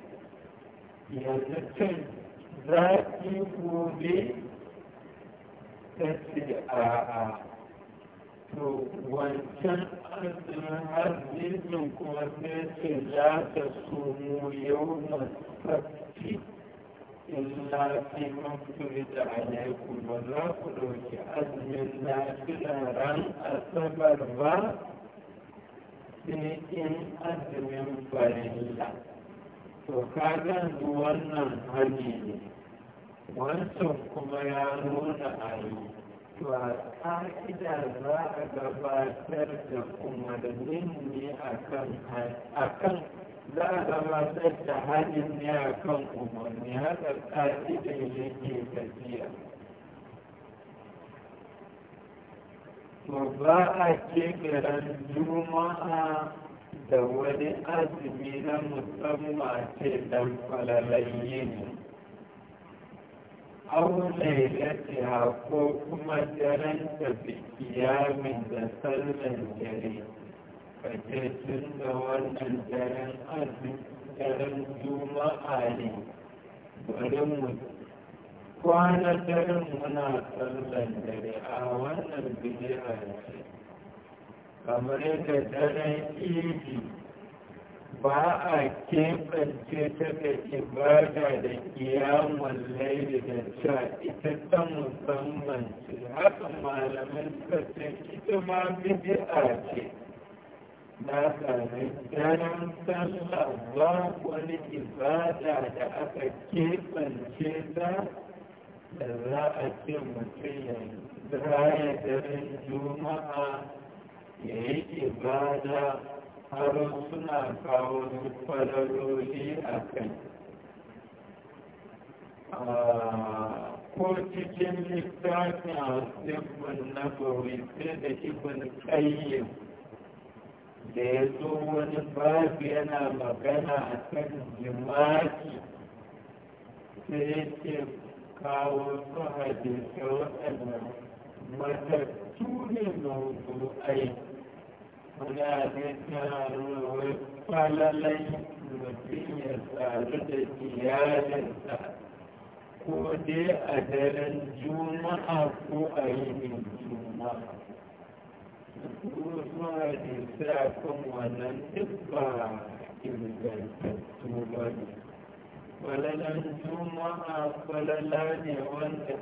yanzu cin gobe ta ce a'a to wancan arzikin arzikin kuma sai ce za ta sumu yau masu yanzu na neman kuri da ba za ku ɗauki azumin na ran asabar ba sai in azumin farilla to kaga wannan hali ne wancan kuma ya nuna ayi to a ƙa'ida za a gabatar da umarnin ne akan za a gabatar da hannun ne a kan umarni haka ƙa'idar yake tafiya to ba a kegaran juma'a da wani azumi na musamman ce don falalayye ne aure ya ko kuma daren da bikiya min da sallan dare ka ce tun da wannan daren azumi daren juma'a ne bari mu kwana daren muna sallan dare a wannan bidi'a ce kamar yadda daren idi ba a keɓance ta da ibada da kiyamun laifin da sha ita ta musamman ce haka malamin suka ce ita ma ce haka daren sallah ba wani ibada da aka keɓance ta da za a ce mutum ya raya daren juma'a ya yi ibada har suna kawo falaloli a kai ko cikin littafin a tsibbin na sai da ibin ƙayyar da ya zo wani babi yana magana a kan jima'i sai ya ce kawo su hadisai waɗanda matattu ne mawudu'ai wani hadisai na ruwa falalai mutum ya tsari da iyalinsa ko dai a daren juma'a ko a yinin juma'a kuma da kan wannan duk ba ba ne falalan juma'a falala ne wanda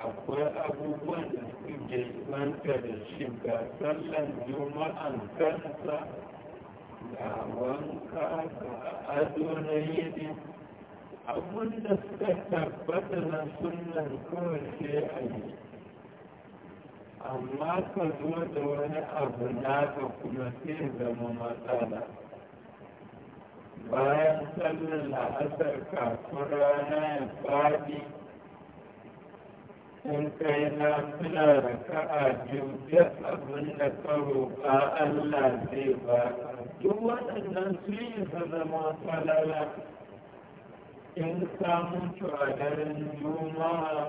akwai abubuwan da suke manta da shi ga sallan juma'an kansa ga wanka ga ado na yini abun da suka tabbata na sunan kawai sai a yi amma ka zo da wani abu naka kuma sai zama matsala bayan sallar la'asar kafin rana ya faɗi in kai na suna raka'a biyu duk abin da ka roƙa Allah zai ba duk waɗannan su yi zama falala in ka mutu a daren juma'a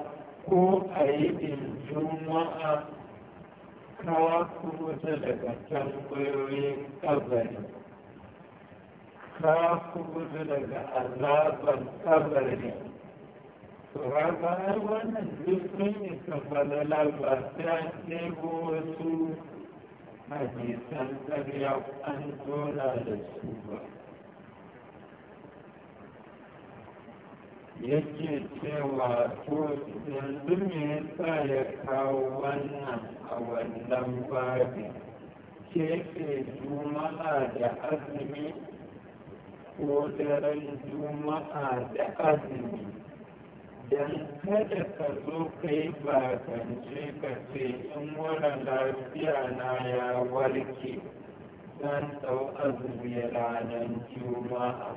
ko a yi juma'a kubuta daga tambayoyin kabari ka kubuta daga azabar kabari to haka ai wannan duk sun isa falala ba ta da yake cewa ko yanzu me yasa ya kawo wannan a wannan babin ke ke juma'a da azumi ko daren juma'a da azumi don kada ka zo ka yi bakance ka ce in wani lafiya na ya warke don sau azumi ranar juma'a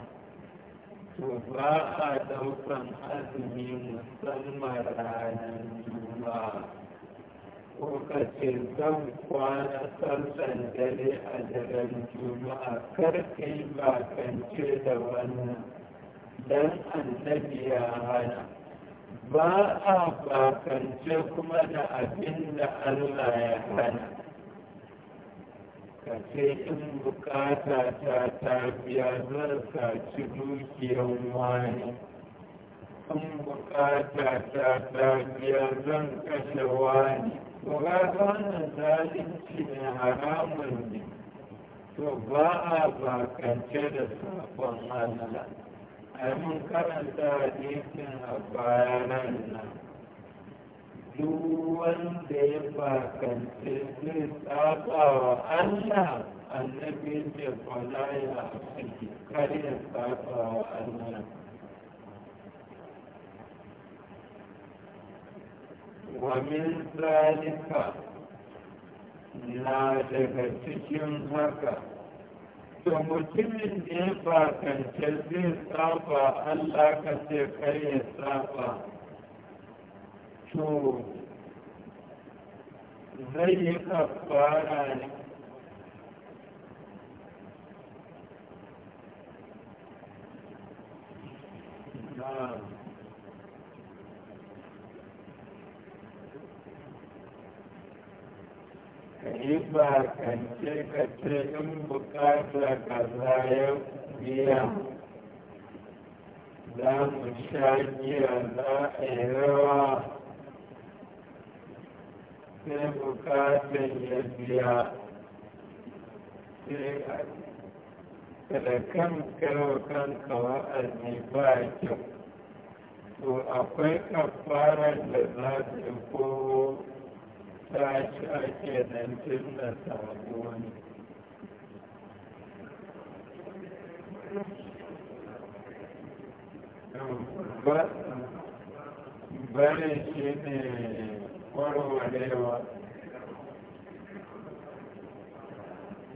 to ba a daukan azumi musamman ranar juma'a ko ka ce zan kwana sallan dare a daren juma'a kar ka yi bakance da wannan dan annabi ya hana ba a bakance kuma da abin da allah ya hana ka ce in bukata ta ta biya zan saci dukiyar wani in bukata ta biya zan kashe wani bukata wannan zalunci ne haramun ne to ba a bakance da sabon Allah a mun karanta hadisin a bayanan nan duk wanda ya bakance zai tsaka wa Allah annabi ce fala ya fi kar ya tsaka wa Allah ومن ذلك na daga cikin haka Da mutumin da ya bakance zai tsafa Allah ka ce kar ya tsafa to zai yi kafara ne yi ba kance kace in bukata kaza ya biya za mu sha giya za a yi rawa sai bukatan ya biya sai da kanka wa kanka wa'azi ba kyau to akwai kafara da za ta ko ta a ake nan tun da sabo ne bare shi ne wọ́n wà lẹ́yìn wa.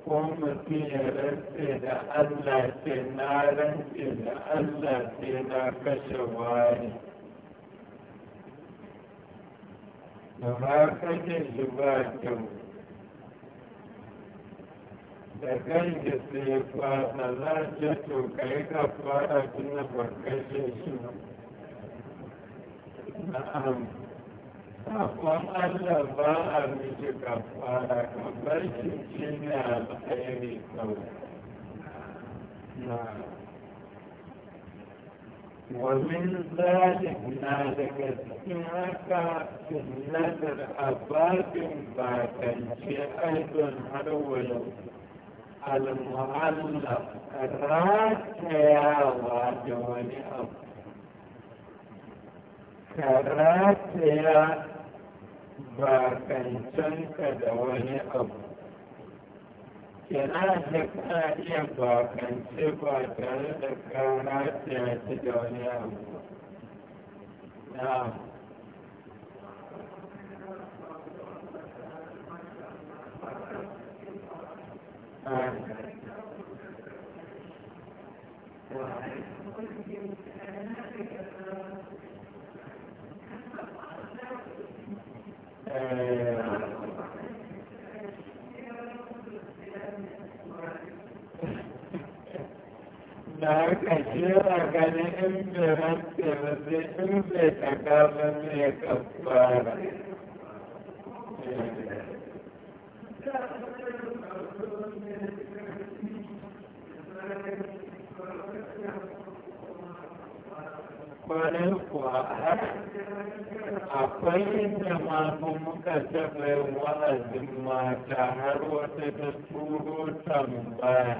Kuma mutum ya rantse da Allah ce na rantse da Allah ce na kashe wani. Da ba kashe shi ba kyau. da kanka sai ya fata za a ce to ka yi ka fata tun da ba kashe shi na'am ومن ذلك ما a miki kafara أباك باك cina alkhairi المعلق راك يا ذلك هناك سنة الأباد بعد ba kancanta da wani abu kira da ka iya bakance ba tare da kara tiyati da wani abu na Thank you. ka jera gani in bai rantse ba sai in bai taka ba ne ya kafara. Kwarai kuwa har akwai inda masu muka taɓa yin wa'azin mata har wata ta turo tambaya.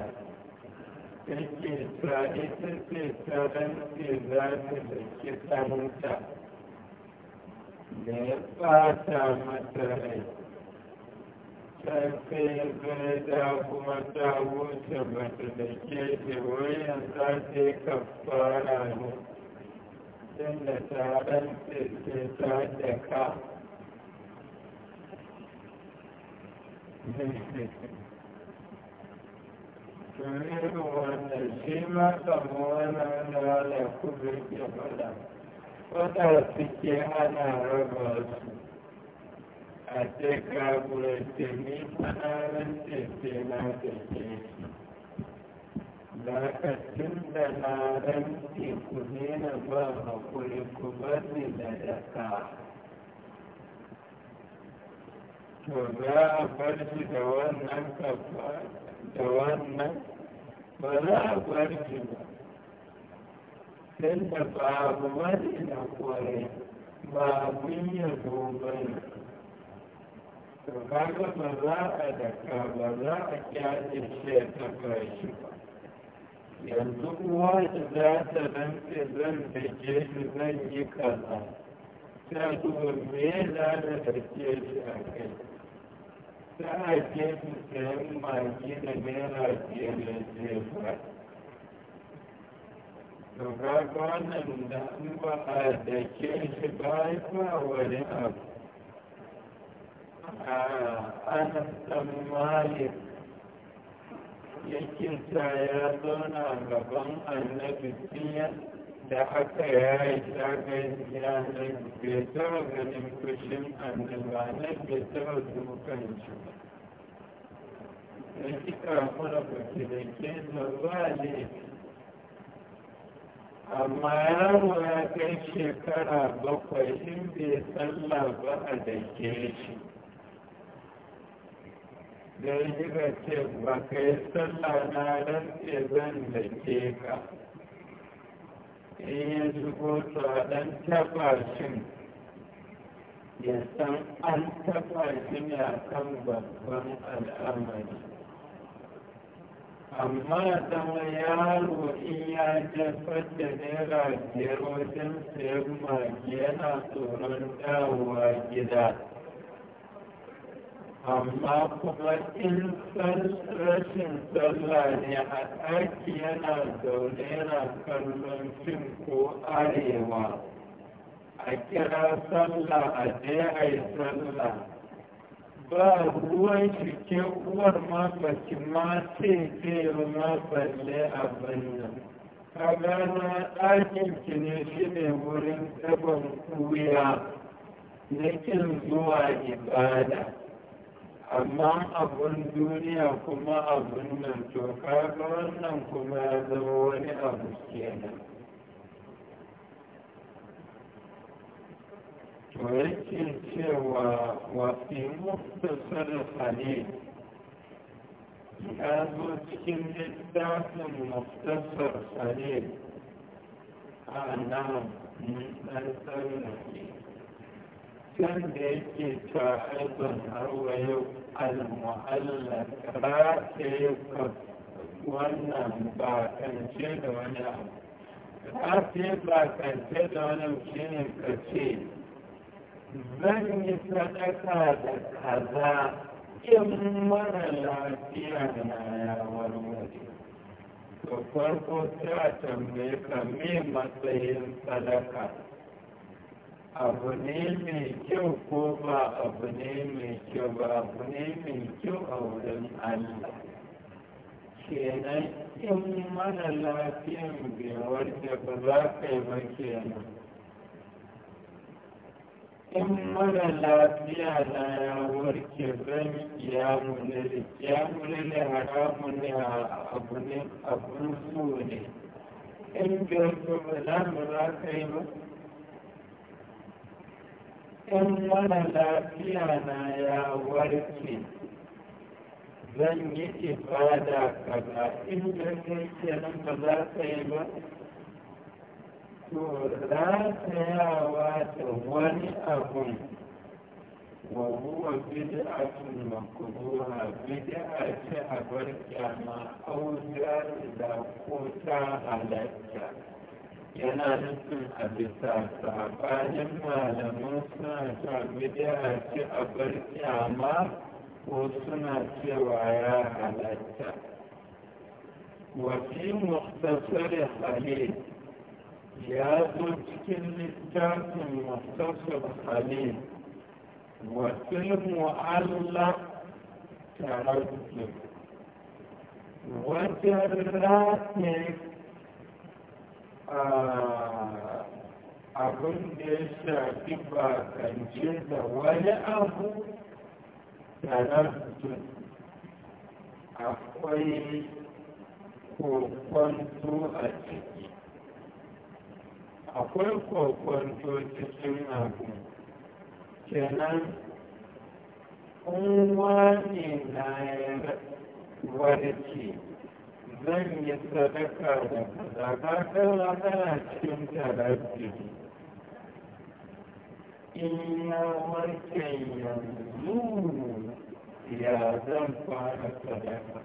take ta ita ce ta rantse za ta daki ɗanta da ya ɓata mata rai ta kai gaida kuma ta wuce wayan za ta yi ne ta ce ta daka Thank you. domin wanda shi makamu wannan da kuma ke faɗa wadda suke ana raba su a ce ka kagurace ni fanarin ce na ce. ke shi lokacin da na ranci ku nuna ba hakuri ku bari da daka to za a bar shi da wannan kafa da wannan ba za a bar ki ba don da ba abu ba ne na kwarai ba abin yabo ba ne to kaga ba za a daka ba za a kyaɗe shi ya taɓa shi ba yanzu uwa da za ta rantse zan da ke shi zan yi kaza ta duba me za ta rike shi a kai tana kefi sayan maki da naira biyar da jefa to kaga wannan da an ba a da ke shi ba wani abu a ana tsammani yakin sa ya zauna gaban annabi biyar da haka ya yi tsagai yanar bai taba ganin fushin annaba na bai taba dukan shi da kika kuna kuke da ke ne amma yaro ya kai shekara bakwai in bai tsalla ba a da ke shi da yi ga ce ba kai tsalla na rantse zan da ke ka in ya shigo to a ya san an taɓa shi ne a kan babban al'amari amma zama yaro in ya jefar da naira biyar wajen sayan magi yana tsoron dawowa gida amma kuma in rashin sallah ne a ɗaki yana zaune yana kallon fim ko arewa a kira sallah a je a yi sallah ba ruwan shi ke uwar ma baki ma ce ce ma a bayyana ka gana ɗakin ki ne shi ne wurin ɗaban kuya na zuwa ibada amma abun duniya kuma abun nan to kaga wannan kuma ya zama wani abu kenan to yake cewa wafi muftasar hadith ya zo cikin littafin muktasar sani a nan mun ɗan كان يجي شاهد هو المؤلف راتب وانا باكنشد وانا راتب باكنشد وانا مشيني كشيد zan yi sadaka da kaza in mara lafiya na ya warware. To farko sai a tambaye ka me matsayin sadaka. abu ne mai kyau ko ba abu ne mai kyau ba abu ne mai kyau a wurin Allah kenan in mana lafiyan bewar da ba za ka yi ba kenan in mara lafiya na ya warke zan ya mulili ya mulili haramun ne a abu ne abun su ne in bewar da ba za ka yi ba in mana lafiya na ya warke zan yi ibada kaza in da kai kenan ba za ta yi ba to ratayawa da wani abun wa huwa bid'atun makruha bid'a ce a bar kyama au da ko ta halatta yana nufin a bisa sabanin malaman suna cewa bidiya ce a bar kyama ko suna cewa ya halatta wafi muktasari halil ya zo cikin littafin muktasar halil wafi mu'allaf taraddud wajen rataye Ah, abin da ya shafi kance da wani abu tare mutum akwai kokwanto a ciki akwai kokwanto cikin abu kenan in ne na ya warke zan yi sadaka da sadaka tana tana cikin tarafi in na warke yanzu ya zan fara sadaka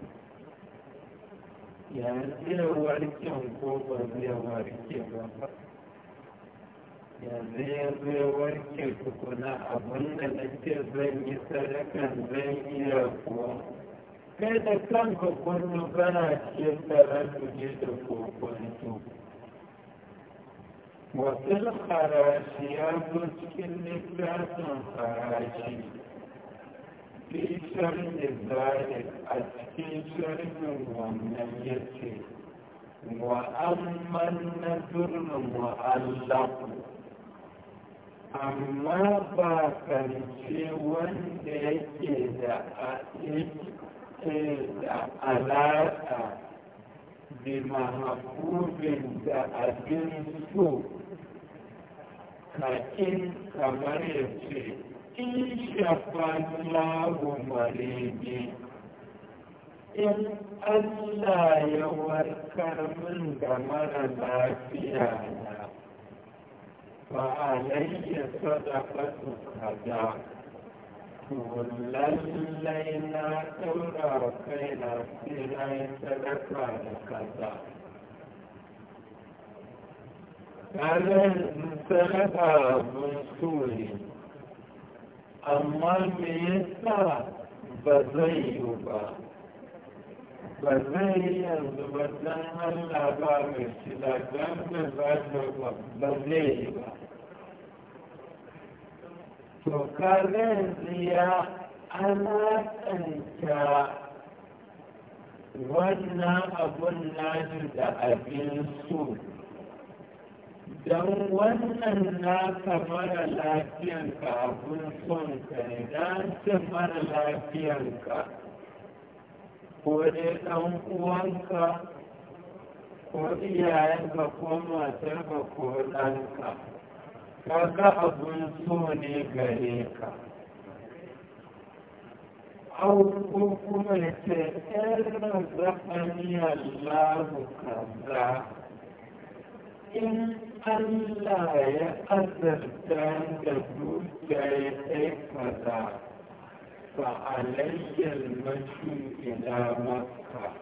ya zai warke ko ba zai warke ba yanzu ya zai warke tukuna abinda nake zan yi sadakan zan iya kuwa kai da kanka kullum kana cikin tsaron tuje da kokonto wasil harashi ya zo cikin littafin harashi fi sharhin zahir a cikin sharhin wannan ya ce wa amman na durin wa'allaku amma ba kance wanda yake da a alaƙa da mahabbubin da abin so kakin kamar ya ce in shafan lahu maribi in Allah ya warkar min da mara lafiya na ba alayya sadaqatu kaza lallai na taura wa kaina sai na yi sadaka da kaza kanan sadaka abin so ne amma me yasa ba zai yi ba ba zai yi yanzu ba dan Allah ba mai shida don ba zai yi ba to karin tsiya ana tsanta wannan abun nashi da abin su don wannan naka mara lafiyanka abin son ka ne na mara lafiyanka ko dai ɗan uwanka ko iyayenka ko matarka ko ɗanka kaga abun so ne gare ka au ko kuma ya ce ɗan zafani Allahu kaza in Allah ya azarta da dukiya ya kai kaza fa alayyar mashi ila makka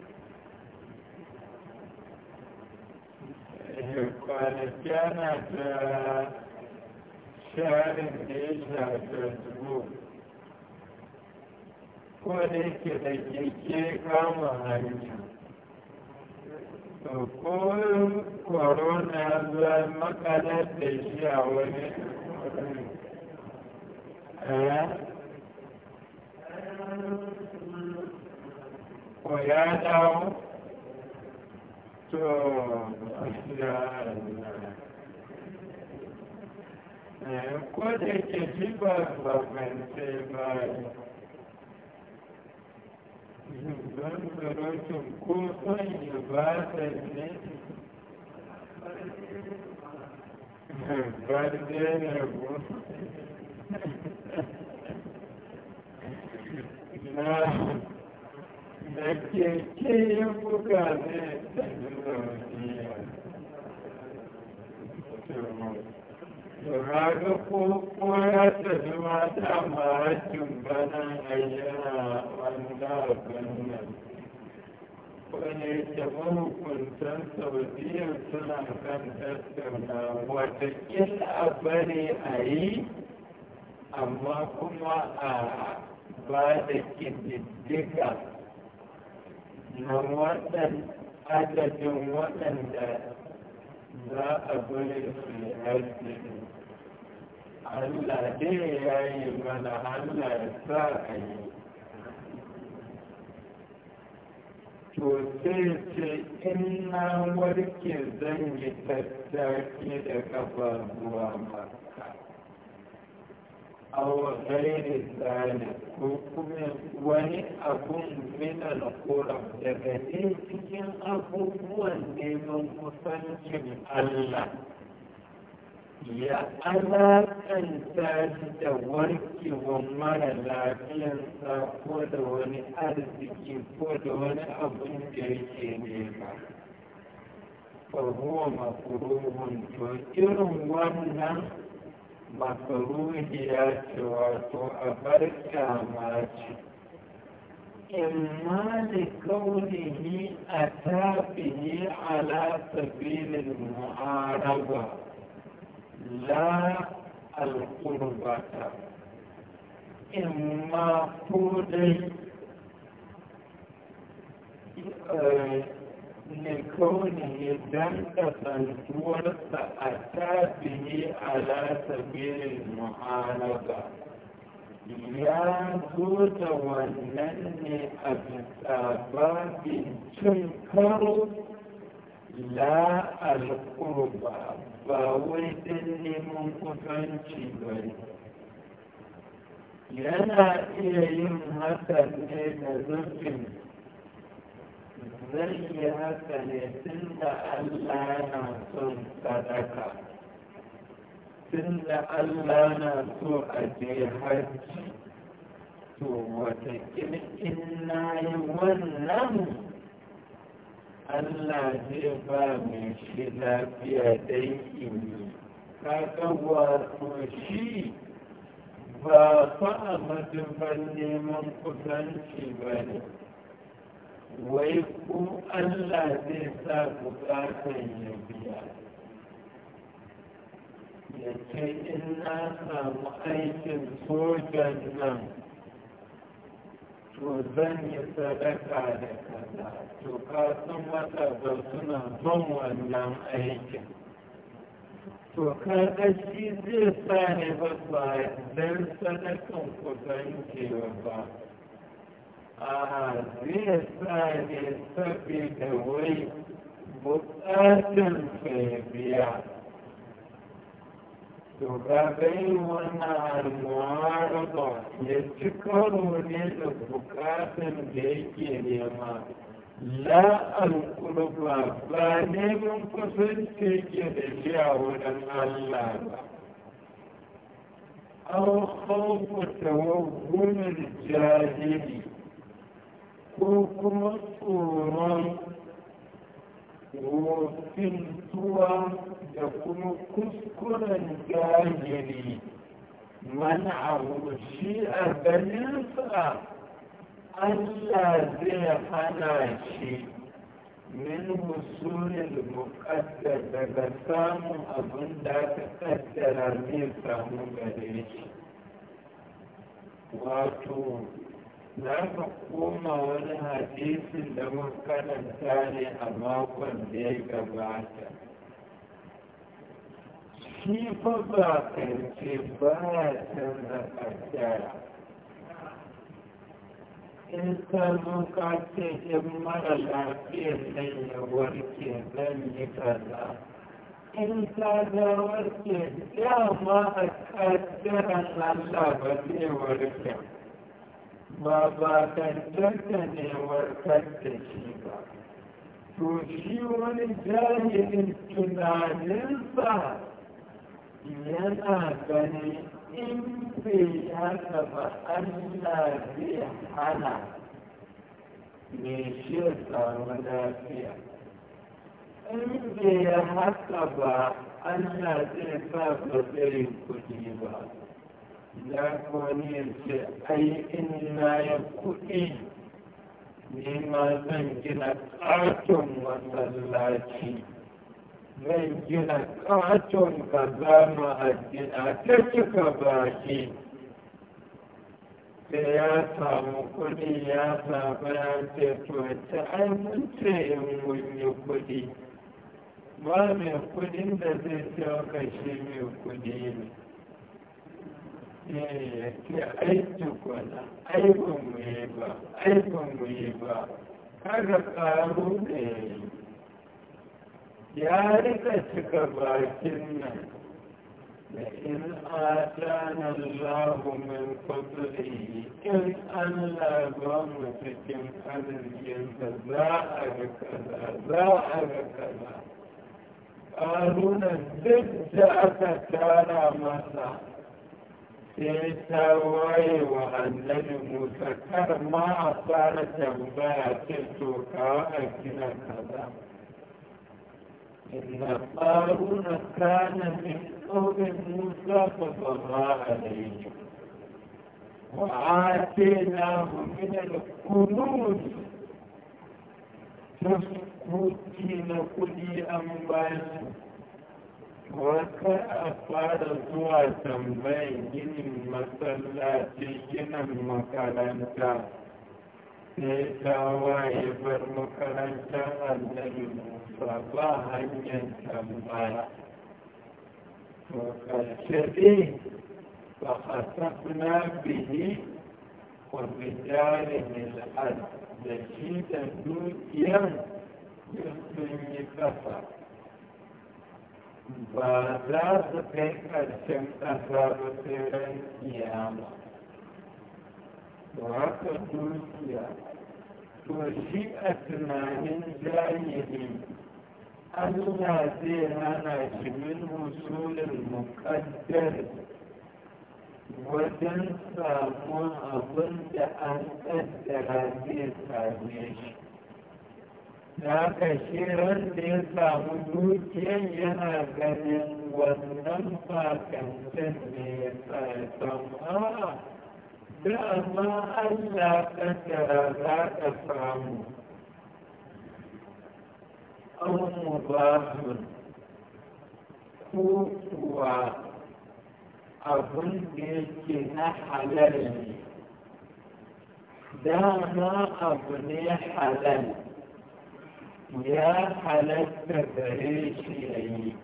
kwanaki ana ta sharin da ya shafi zuwa ko da yake da keke kama hanya to ko ya dawo तो kodai ke ji ba babance ba don zarocin ko son yi ba ta ne ba dena bu na da ke kiyin buga ne da zuwa to kaga ko ko ya tafi mata ma rashin bana ayyana wanda wani tafi hukuntan saudiya suna kan tattauna watakila a bari a yi amma kuma a ba da ƙididdiga Na waɗan adadin waɗanda za a bari su yi aiki Allah dai ya yi mana Allah ya sa a yi to sai ce in na warke zan yi tattaki da kafa zuwa ba awon gare da tsari ko kuma wani abun mina na kora daga ɗaya cikin abubuwan neman kusancin Allah ya alaƙanta shi da warkewar mara lafiyar ko da wani arziki ko da wani abun da yake nema. Fahuwa makurohun to irin wannan makaruhiya ce wato abar kyama ce imma da kaunihi a tafiye ala sabilin mu'araba la alƙurbata imma ko dai لكونه لم تصل فرصة أتى به على سبيل المعارضة يا زوج ونني أبتابا تنكر لا القربى فويدني منقفا شبري ينا إليهم هكذا نزل zai yi haka ne tun da Allah na son sadaka tun da Allah na so a je hajji to wata in na yi wannan Allah zai ba mai shi lafiya dai in yi kaga wato shi ba fa a madubin neman kusanci ba ne wai ku Allah zai sa bukatan ya biya ya ce in na samu aikin sojan nan to zan yi sadaka da kaza to ka san wata zan suna zan wannan aikin to kaga shi zai sa ne ba ba don sadakan ku zan zankewa ba zai sa tafi da wai bukatun sai biya to ga wannan ya ci karo ne da bukatun da yake nema la al'urba ba neman kusanci ke da shi a wurin Allah ba an hau mutawar gumin jahili ko kuma rufin tuwa da kuma kuskuren gajiri mana abu shi a ganinsa Allah zai hana shi min musulin muƙaddar daga samun abin da aka ƙaddara zai samu gare shi wato za ka koma wani hadisin da mun karanta ne a makon da ya gabata shi fa ba karfe ba ya canza kaddara in ka zo ka ce in mara lafiyar nan ya warke zan yi kaza in ka ga warke dama a kaddaran Allah ba zai warke ba ba tantarta ne warkar da shi ba to shi wani jahilin tunaninsa yana gani in bai haka ba Allah zai hana me shi samu lafiya in bai haka ba Allah zai ba ba zai kuɗi ba za ka wani ya ai na ya kuɗi ni ma zan gina ƙaton masallaci zan gina ƙaton kaza ma a ta cika baki sai ya samu kuɗi ya saba, ya ce to ta ai mun ce in mun yi kuɗi ba mai kuɗin da zai ce ka shi mai kuɗi ne ke aiki kwana aikin mu yi ba aikin mu yi ba kada karu da ya yi ya rika cika bakin nan da in atana Allahu min fadlihi in Allah ba mu cikin arzikinsa za a ga kaza za a ga kaza karunan duk da aka tara masa سوي وأن المذكر ما صار تنبات كائن كذا إن قارون كان من قوم موسى فضغى عليه وآتيناه من الكنوز تسكتين كل أنباته wata a fara zuwa tambayin ginin masallaci ginin makaranta sai ta waye bar makarantar annabi musa ba hanyar tambaya to karshe dai ba kasafna bihi wa bijarihin al'ad da shi da dukiyar sun yi kasa ba za su kai ƙarshen ƙasa ba sai ran kiyama ba. haka dukiya to shi a tunanin jahilin Allah zai hana shi min husulin muƙaddar wajen samun abin da an ƙaddara zai same shi. da aka shirar da ya samu dukiyar yana ganin wannan fakancin ne ya sa ya samu a'a da amma Allah kaddara za ka samu an mubahun ko kuwa abin da yake na halal ne dama abu ne halal يا حلت بهش أيه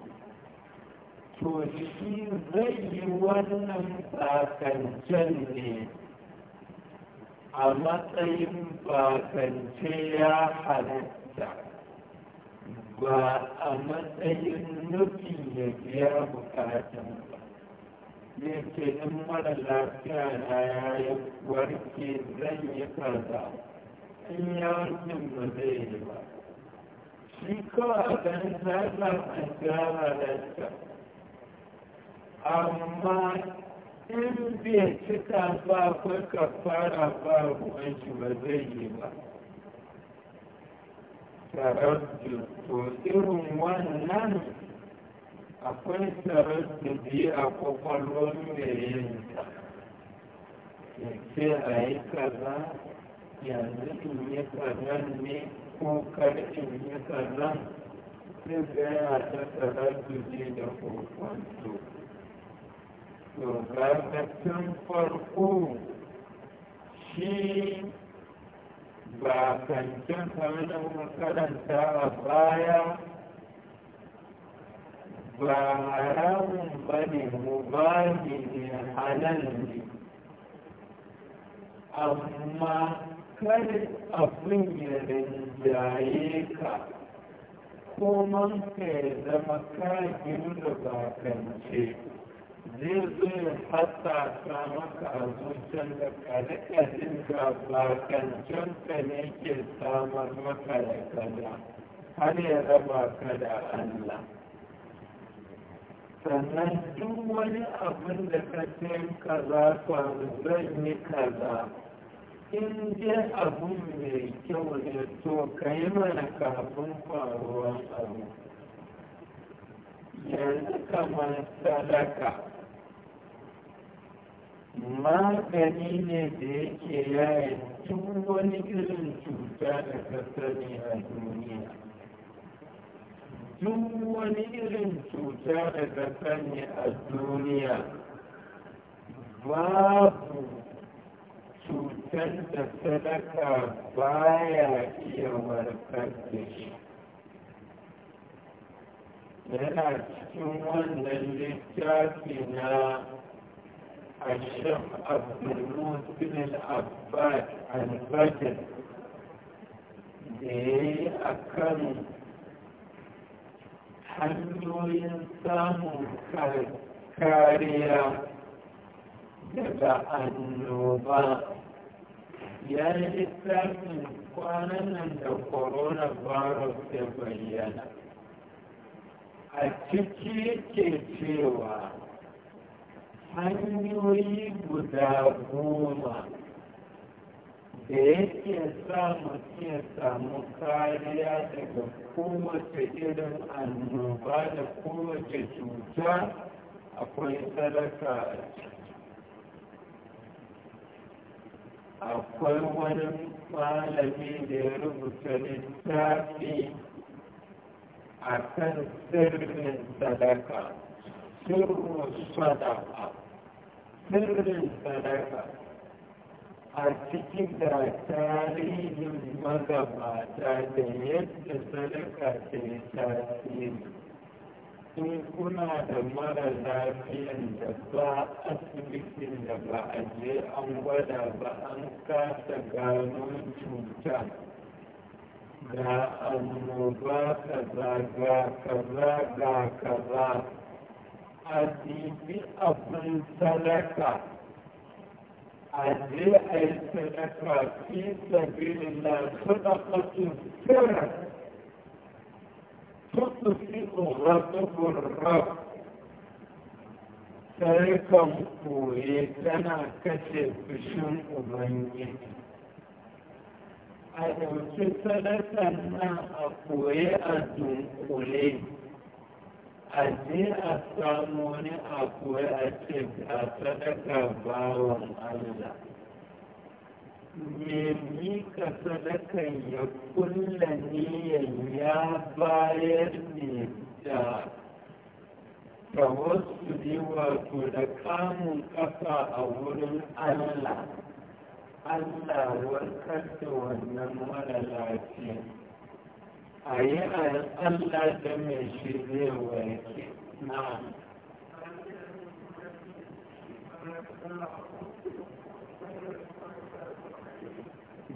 توشي زي ونم فاك الجنة أما طيب فاك يا حلت وأما طيب نكي يا مكاتم لكن أما لا كان عيب وركي زي فردا إن يارجم ذي الوقت shi kawai don a gyara ranka amma in bai cika ba kuka fara ba wanshi ba zai yi ba tarajju to irin wannan akwai tarajjuji a kwakwalwar mai yin ya ce a yi kaza yanzu in yi kaza ne ko in yi sannan sai da yana ta tsararruje da kokonto to ga tun farko shi ba kancan kamar da karanta a baya ba haramun ba ne mubahi ne halal ne amma kada abin yarin rinjaye ka koman ka ya zama kagin da bakance zai zo ya hasa ta maka a zuciyar da kare-karen ga bakancen ka ne ke samar maka da kada har ya raba ka da Allah sannan duk wani abin da ka ce kaza faru zan yi kaza in dai abu mai kyau da to ka yi mana kafin faruwar abu yanzu kamar sadaka magani ne da yake yaya tun wani irin cuta da ka sani a duniya duk wani irin cuta da ka sani a duniya babu cutar da sadaka baya iya warkar da shi yana cikin wannan littafi na الشيخ عبد الموت da ya yi a kan hanyoyin samun kariya daga annoba ya yi littafin kwanan nan da coronavirus ya bayyana a ciki ke cewa hanyoyi guda goma da yake sa mutum ya samu kariya daga kowace irin annoba da kowace cuta akwai sadaka a ciki akwai wani malami da ya rubuta littafi a kan sirrin sadaka sirrin sadaka sirrin sadaka a cikin da tarihin magabata da yadda sadaka ke tasiri in kuna da mara lafiyan da ba asibitin da ba a je an gwada ba an kasa gano cuta da annoba kaza ga kaza ga kaza a dibi abin sadaka a je a yi sadaka fi sabi na sadaka su تطفئ غضب الرب تركم tana تنا كشف شن أبنجي a ɗauki sadakar na a koye a dunkule a je a a a ce sadaka bawan mai mika sadakan ya kulla niyan ya bayar ne da tawassuli wato da kamun kafa a wurin Allah Allah warkar da wannan mara lafiya a yi Allah da mai shi zai warke na Thank you.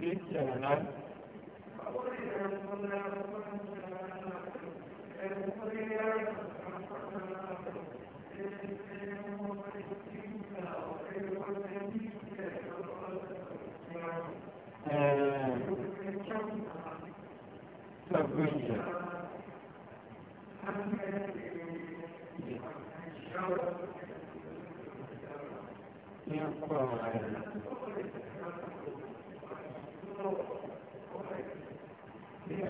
shi kenan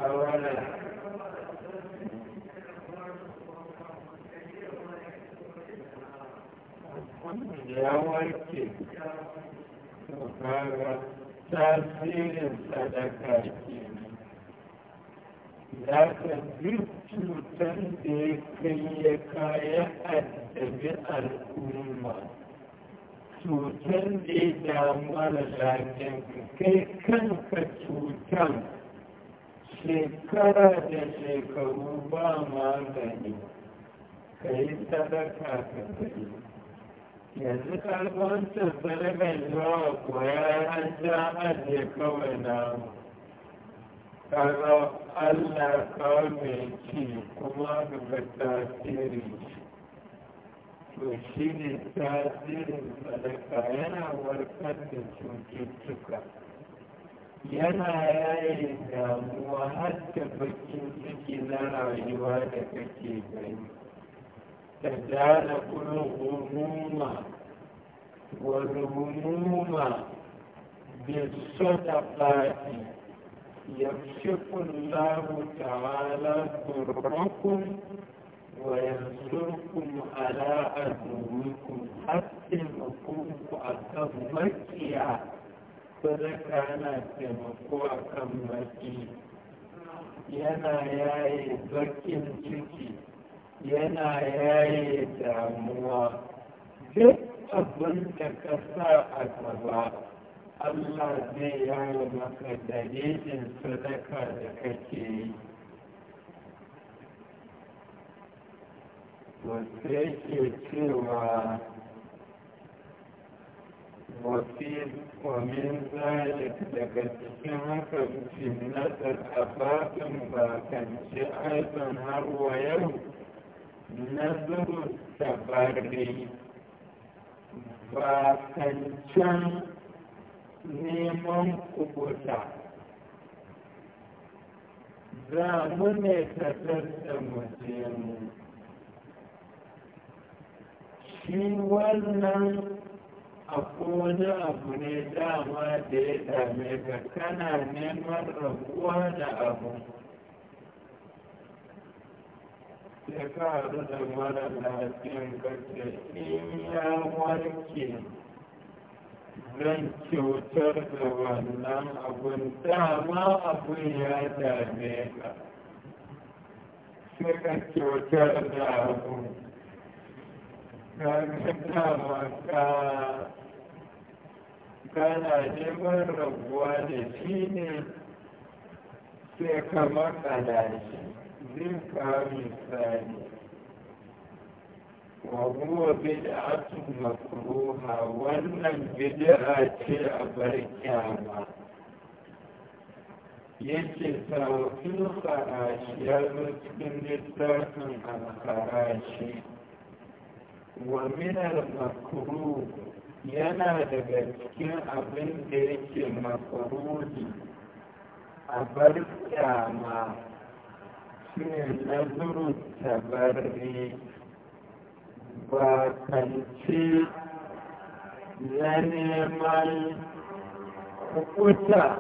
أولا yawanci kaga tasirin sadaka ke za ka duk cutar da ya kai ya kaya addabi al'umma cutar da ya damar lafiyanka kai kanka cutar shekara da shekaru ba magani ka yi sadaka ka kai yanzu kalbantar zarafin zuwa koya ya ja ajiye kawai namu Kaza Allah kawo mai ci kuma ga tasiri to shi ne tasirin sadaka yana warkar da cututtuka yana yayin damuwa har da bakin ciki na rayuwa da kake gani da dana kuma rumuma wa rumuma da sota fati ya fi kula ta wala turakun wa ya turkun ala'adunukun har da mafi kuwa ta makiya sadaka yana taimako a kan baki yana yaye bakin ciki yana yaye damuwa duk abin da ka sa a gaba allah zai yaye maka dalilin sadaka da kake yi wasu ke cewa ومن ذلك لقد سمعت فتنة أباكم باكم شعيبا هر ويوم نذر التبري باكم شم neman kubuta za mu ne tattar da mu shi wannan akwai wani abu ne dama da ya dame ka kana neman rabuwa da abu sai ka haɗu da mara lafiyan kacce in ya warke zan kyautar da wannan abun dama abun ya dame ka sai ka kyautar da abu. ka ga dama ka kana neman rabuwa da shi ne sai ka makana shi zai kawo misali wa huwa bid'atun makruha wannan bid'a ce a bar kyama yace sautin farashi ya zo cikin littafin al-farashi wa minar makruha yana daga cikin abin da yake makaruri a bar ma shi ne nazuru ba kanci na neman kukuta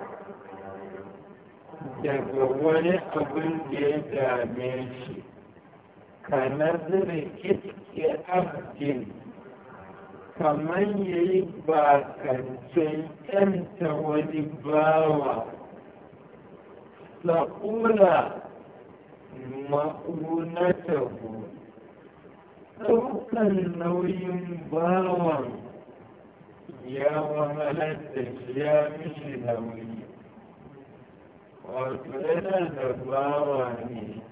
daga wani abin da ya dame shi ka nazari iske abdin kamar ya yi bakancen ‘yanta wani bawa, sa'ula ma'unatahu, ɗaukan nauyin bawan ya wahalar da shi ya mishi nauyi, wato yana da bawa ne.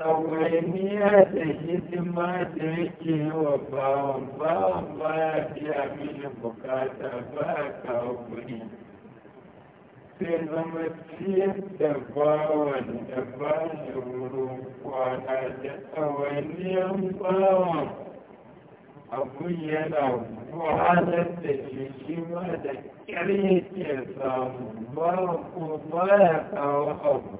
ɗawainiya da hidima da yake wa bawan bawan ba ya biya mini bukata ba a kawo kuɗi sai zama ciyar da bawan da ba da wurin kwana da ɗawainiyar bawan abun yana wahalar da shi shi ma da ƙyar yake samu Bawan ko ba ya kawo abu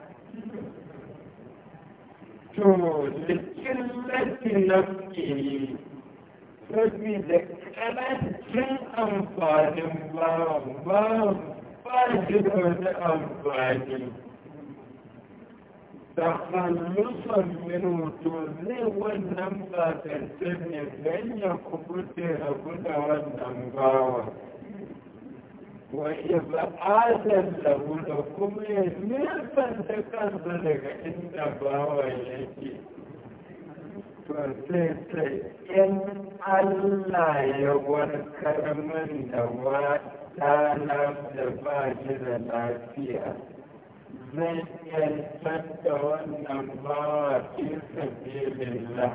to da nafke saboda karancin amfanin bawan bawan ba shi da wani amfani تخلصا منه تولي والنمبة تلتمي بين كبوتي أبونا والنمباوة وإذا آذن له لكم يزميرتن تكذب لك إن باوا يكي فسيسي إن الله يوركر من دواء تعلم دفاجر العافية zai iya tattata wannan bawa fi sabi lillah.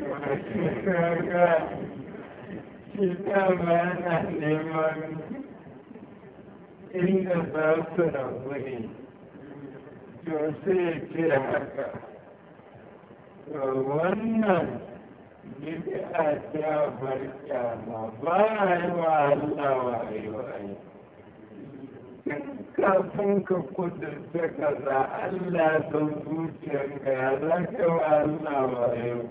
Wata shi yana neman inda za su rabu ne to sai ya ce haka to wannan bid'a ta farka ma ba a yi wa Allah wa yi wa yi kafin ka kudurta kaza Allah don zuciyarka ya zaka wa Allah wa yau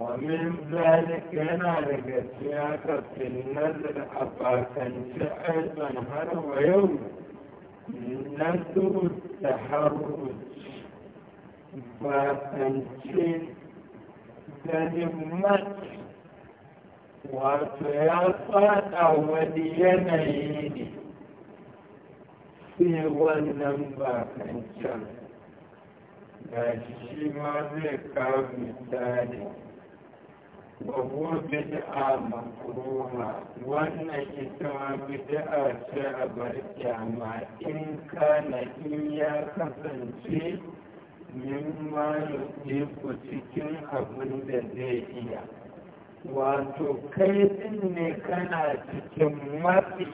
ومن ذلك نالك سياسة النذر أبا تنشأل منهر ويوم نذر التحرج فتنشين تنمت وسياسة أولي نيدي في ولم باكنشان لشي ما ذكر بالتاريخ babuwa a makuruwa wannan ita ma bida'a ce a bar kyama in ka na in ya kasance min ma yi cikin abin da zai iya wato kai ne kana cikin matsi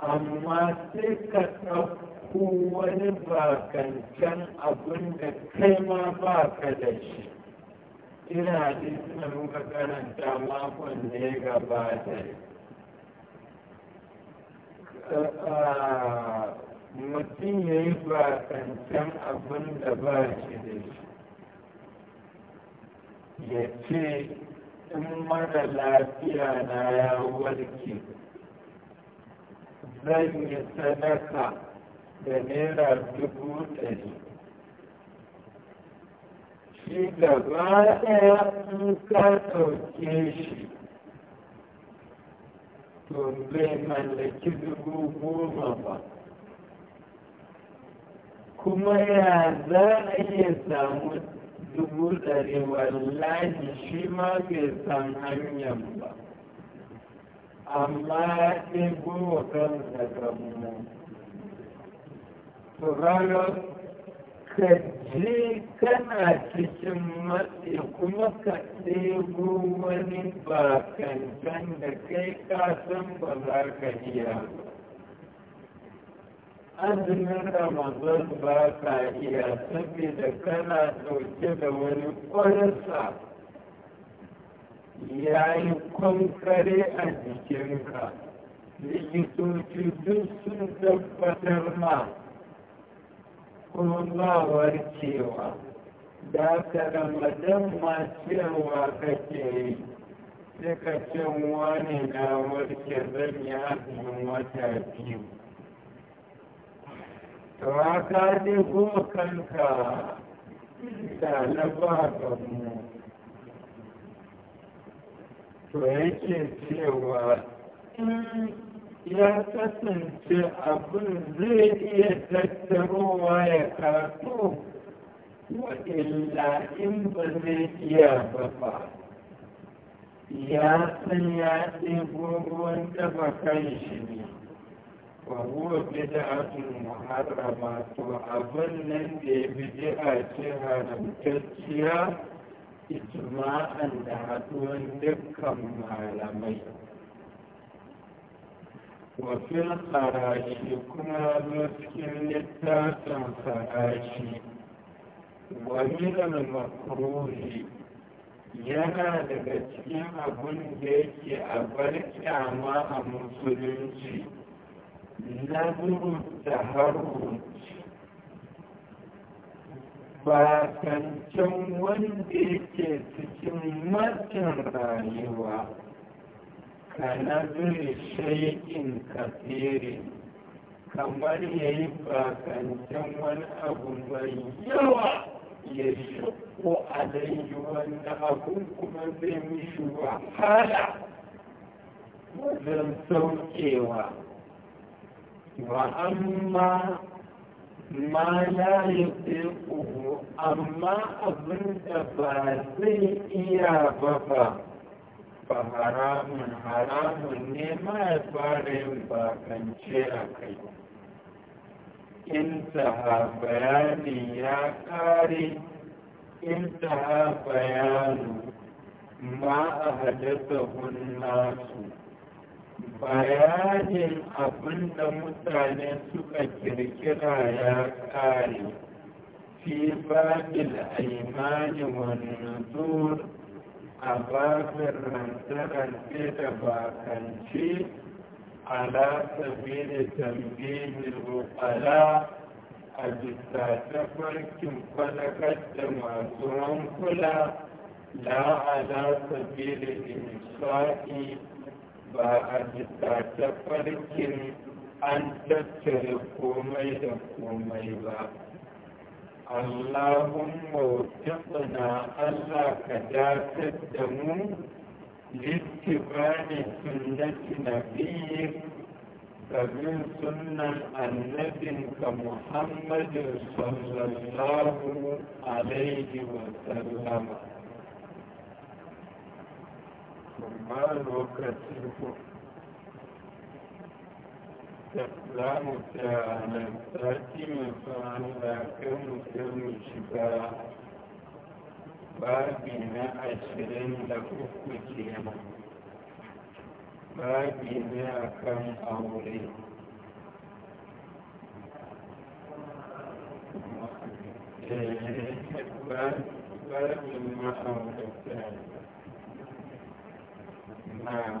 amma sai ka ɗauko wani bakancan abin da kai ma baka da shi ina da muka karanta makon da ya gabata mutum ya yi bakancan abin da ba shi da shi ya ce in mara lafiya na ya warke zan yi sadaka da naira dubu ɗari shi gaba ɗaya in ka ɗauke shi to bai mallaki dubu goma ba kuma ya za a iya samu dubu ɗari wallahi shi ma bai san hanyar ba amma ya ɗebo wa kansa gamu to ranar sai kana cikin matsi kuma ka ɗebo wani bakantan da kai kasan ba za ka iya azumin ramazan ba ka iya saboda kana ɗauke da wani kwarasa ya yi kwankare a jikinka likitoci duk sun tabbatar ma kuma ba warkewa da ka ramadan ma cewa kake yi suka ce wani na warke zan yi abin wata biyu to ne kuma kanka da na ba mu to yake cewa mm, ya kasance abin zai iya tattarowa ya kato wa illa in ba zai iya ba ba ya san ya ɗebo ruwan taba kan shi ne wa huwa bid'atun muharrama to abin nan da ya bid'a ce haramtacciya ijma'an da haɗuwan dukkan malamai wafin farashi kuma zo cikin littafin farashi da makarohi yana daga cikin abin da yake a bar kyama a musulunci na da harunci ba kancan wanda yake cikin matan rayuwa كنظر شيء كثير kamar ya yi bakantan wani abu mai yawa ya shakko a laifi wanda abun kuma zai mishi wahala wajen saukewa wa amma ma ya yi amma abin da ba zai iya ba ba Ba haramun haramun ne ma ya fara yin bakance a kai intaha bayani ya kare intaha bayanu ma a haddasa nasu bayanin abin da mutane suka kirkira ya kare fi babil aimani wani nuzur a babin rantsarance da bakanci ala sabili tambihil rukala, a bisa tafarkin falakar da masu hankula la ala sabili insha'i ba a bisa farkin an tattare komai da komai ba Allahumma wakilina Allah ka dafet da mu littifani sunnati na biyu da bin sunan annabinka Muhammadin sallallahu alaihi wa sallama. استسلام كان ساتم فعلا كم كم شفاء بابنا عشرين لكفك كيما بابنا كم أولي باب ما أولي نعم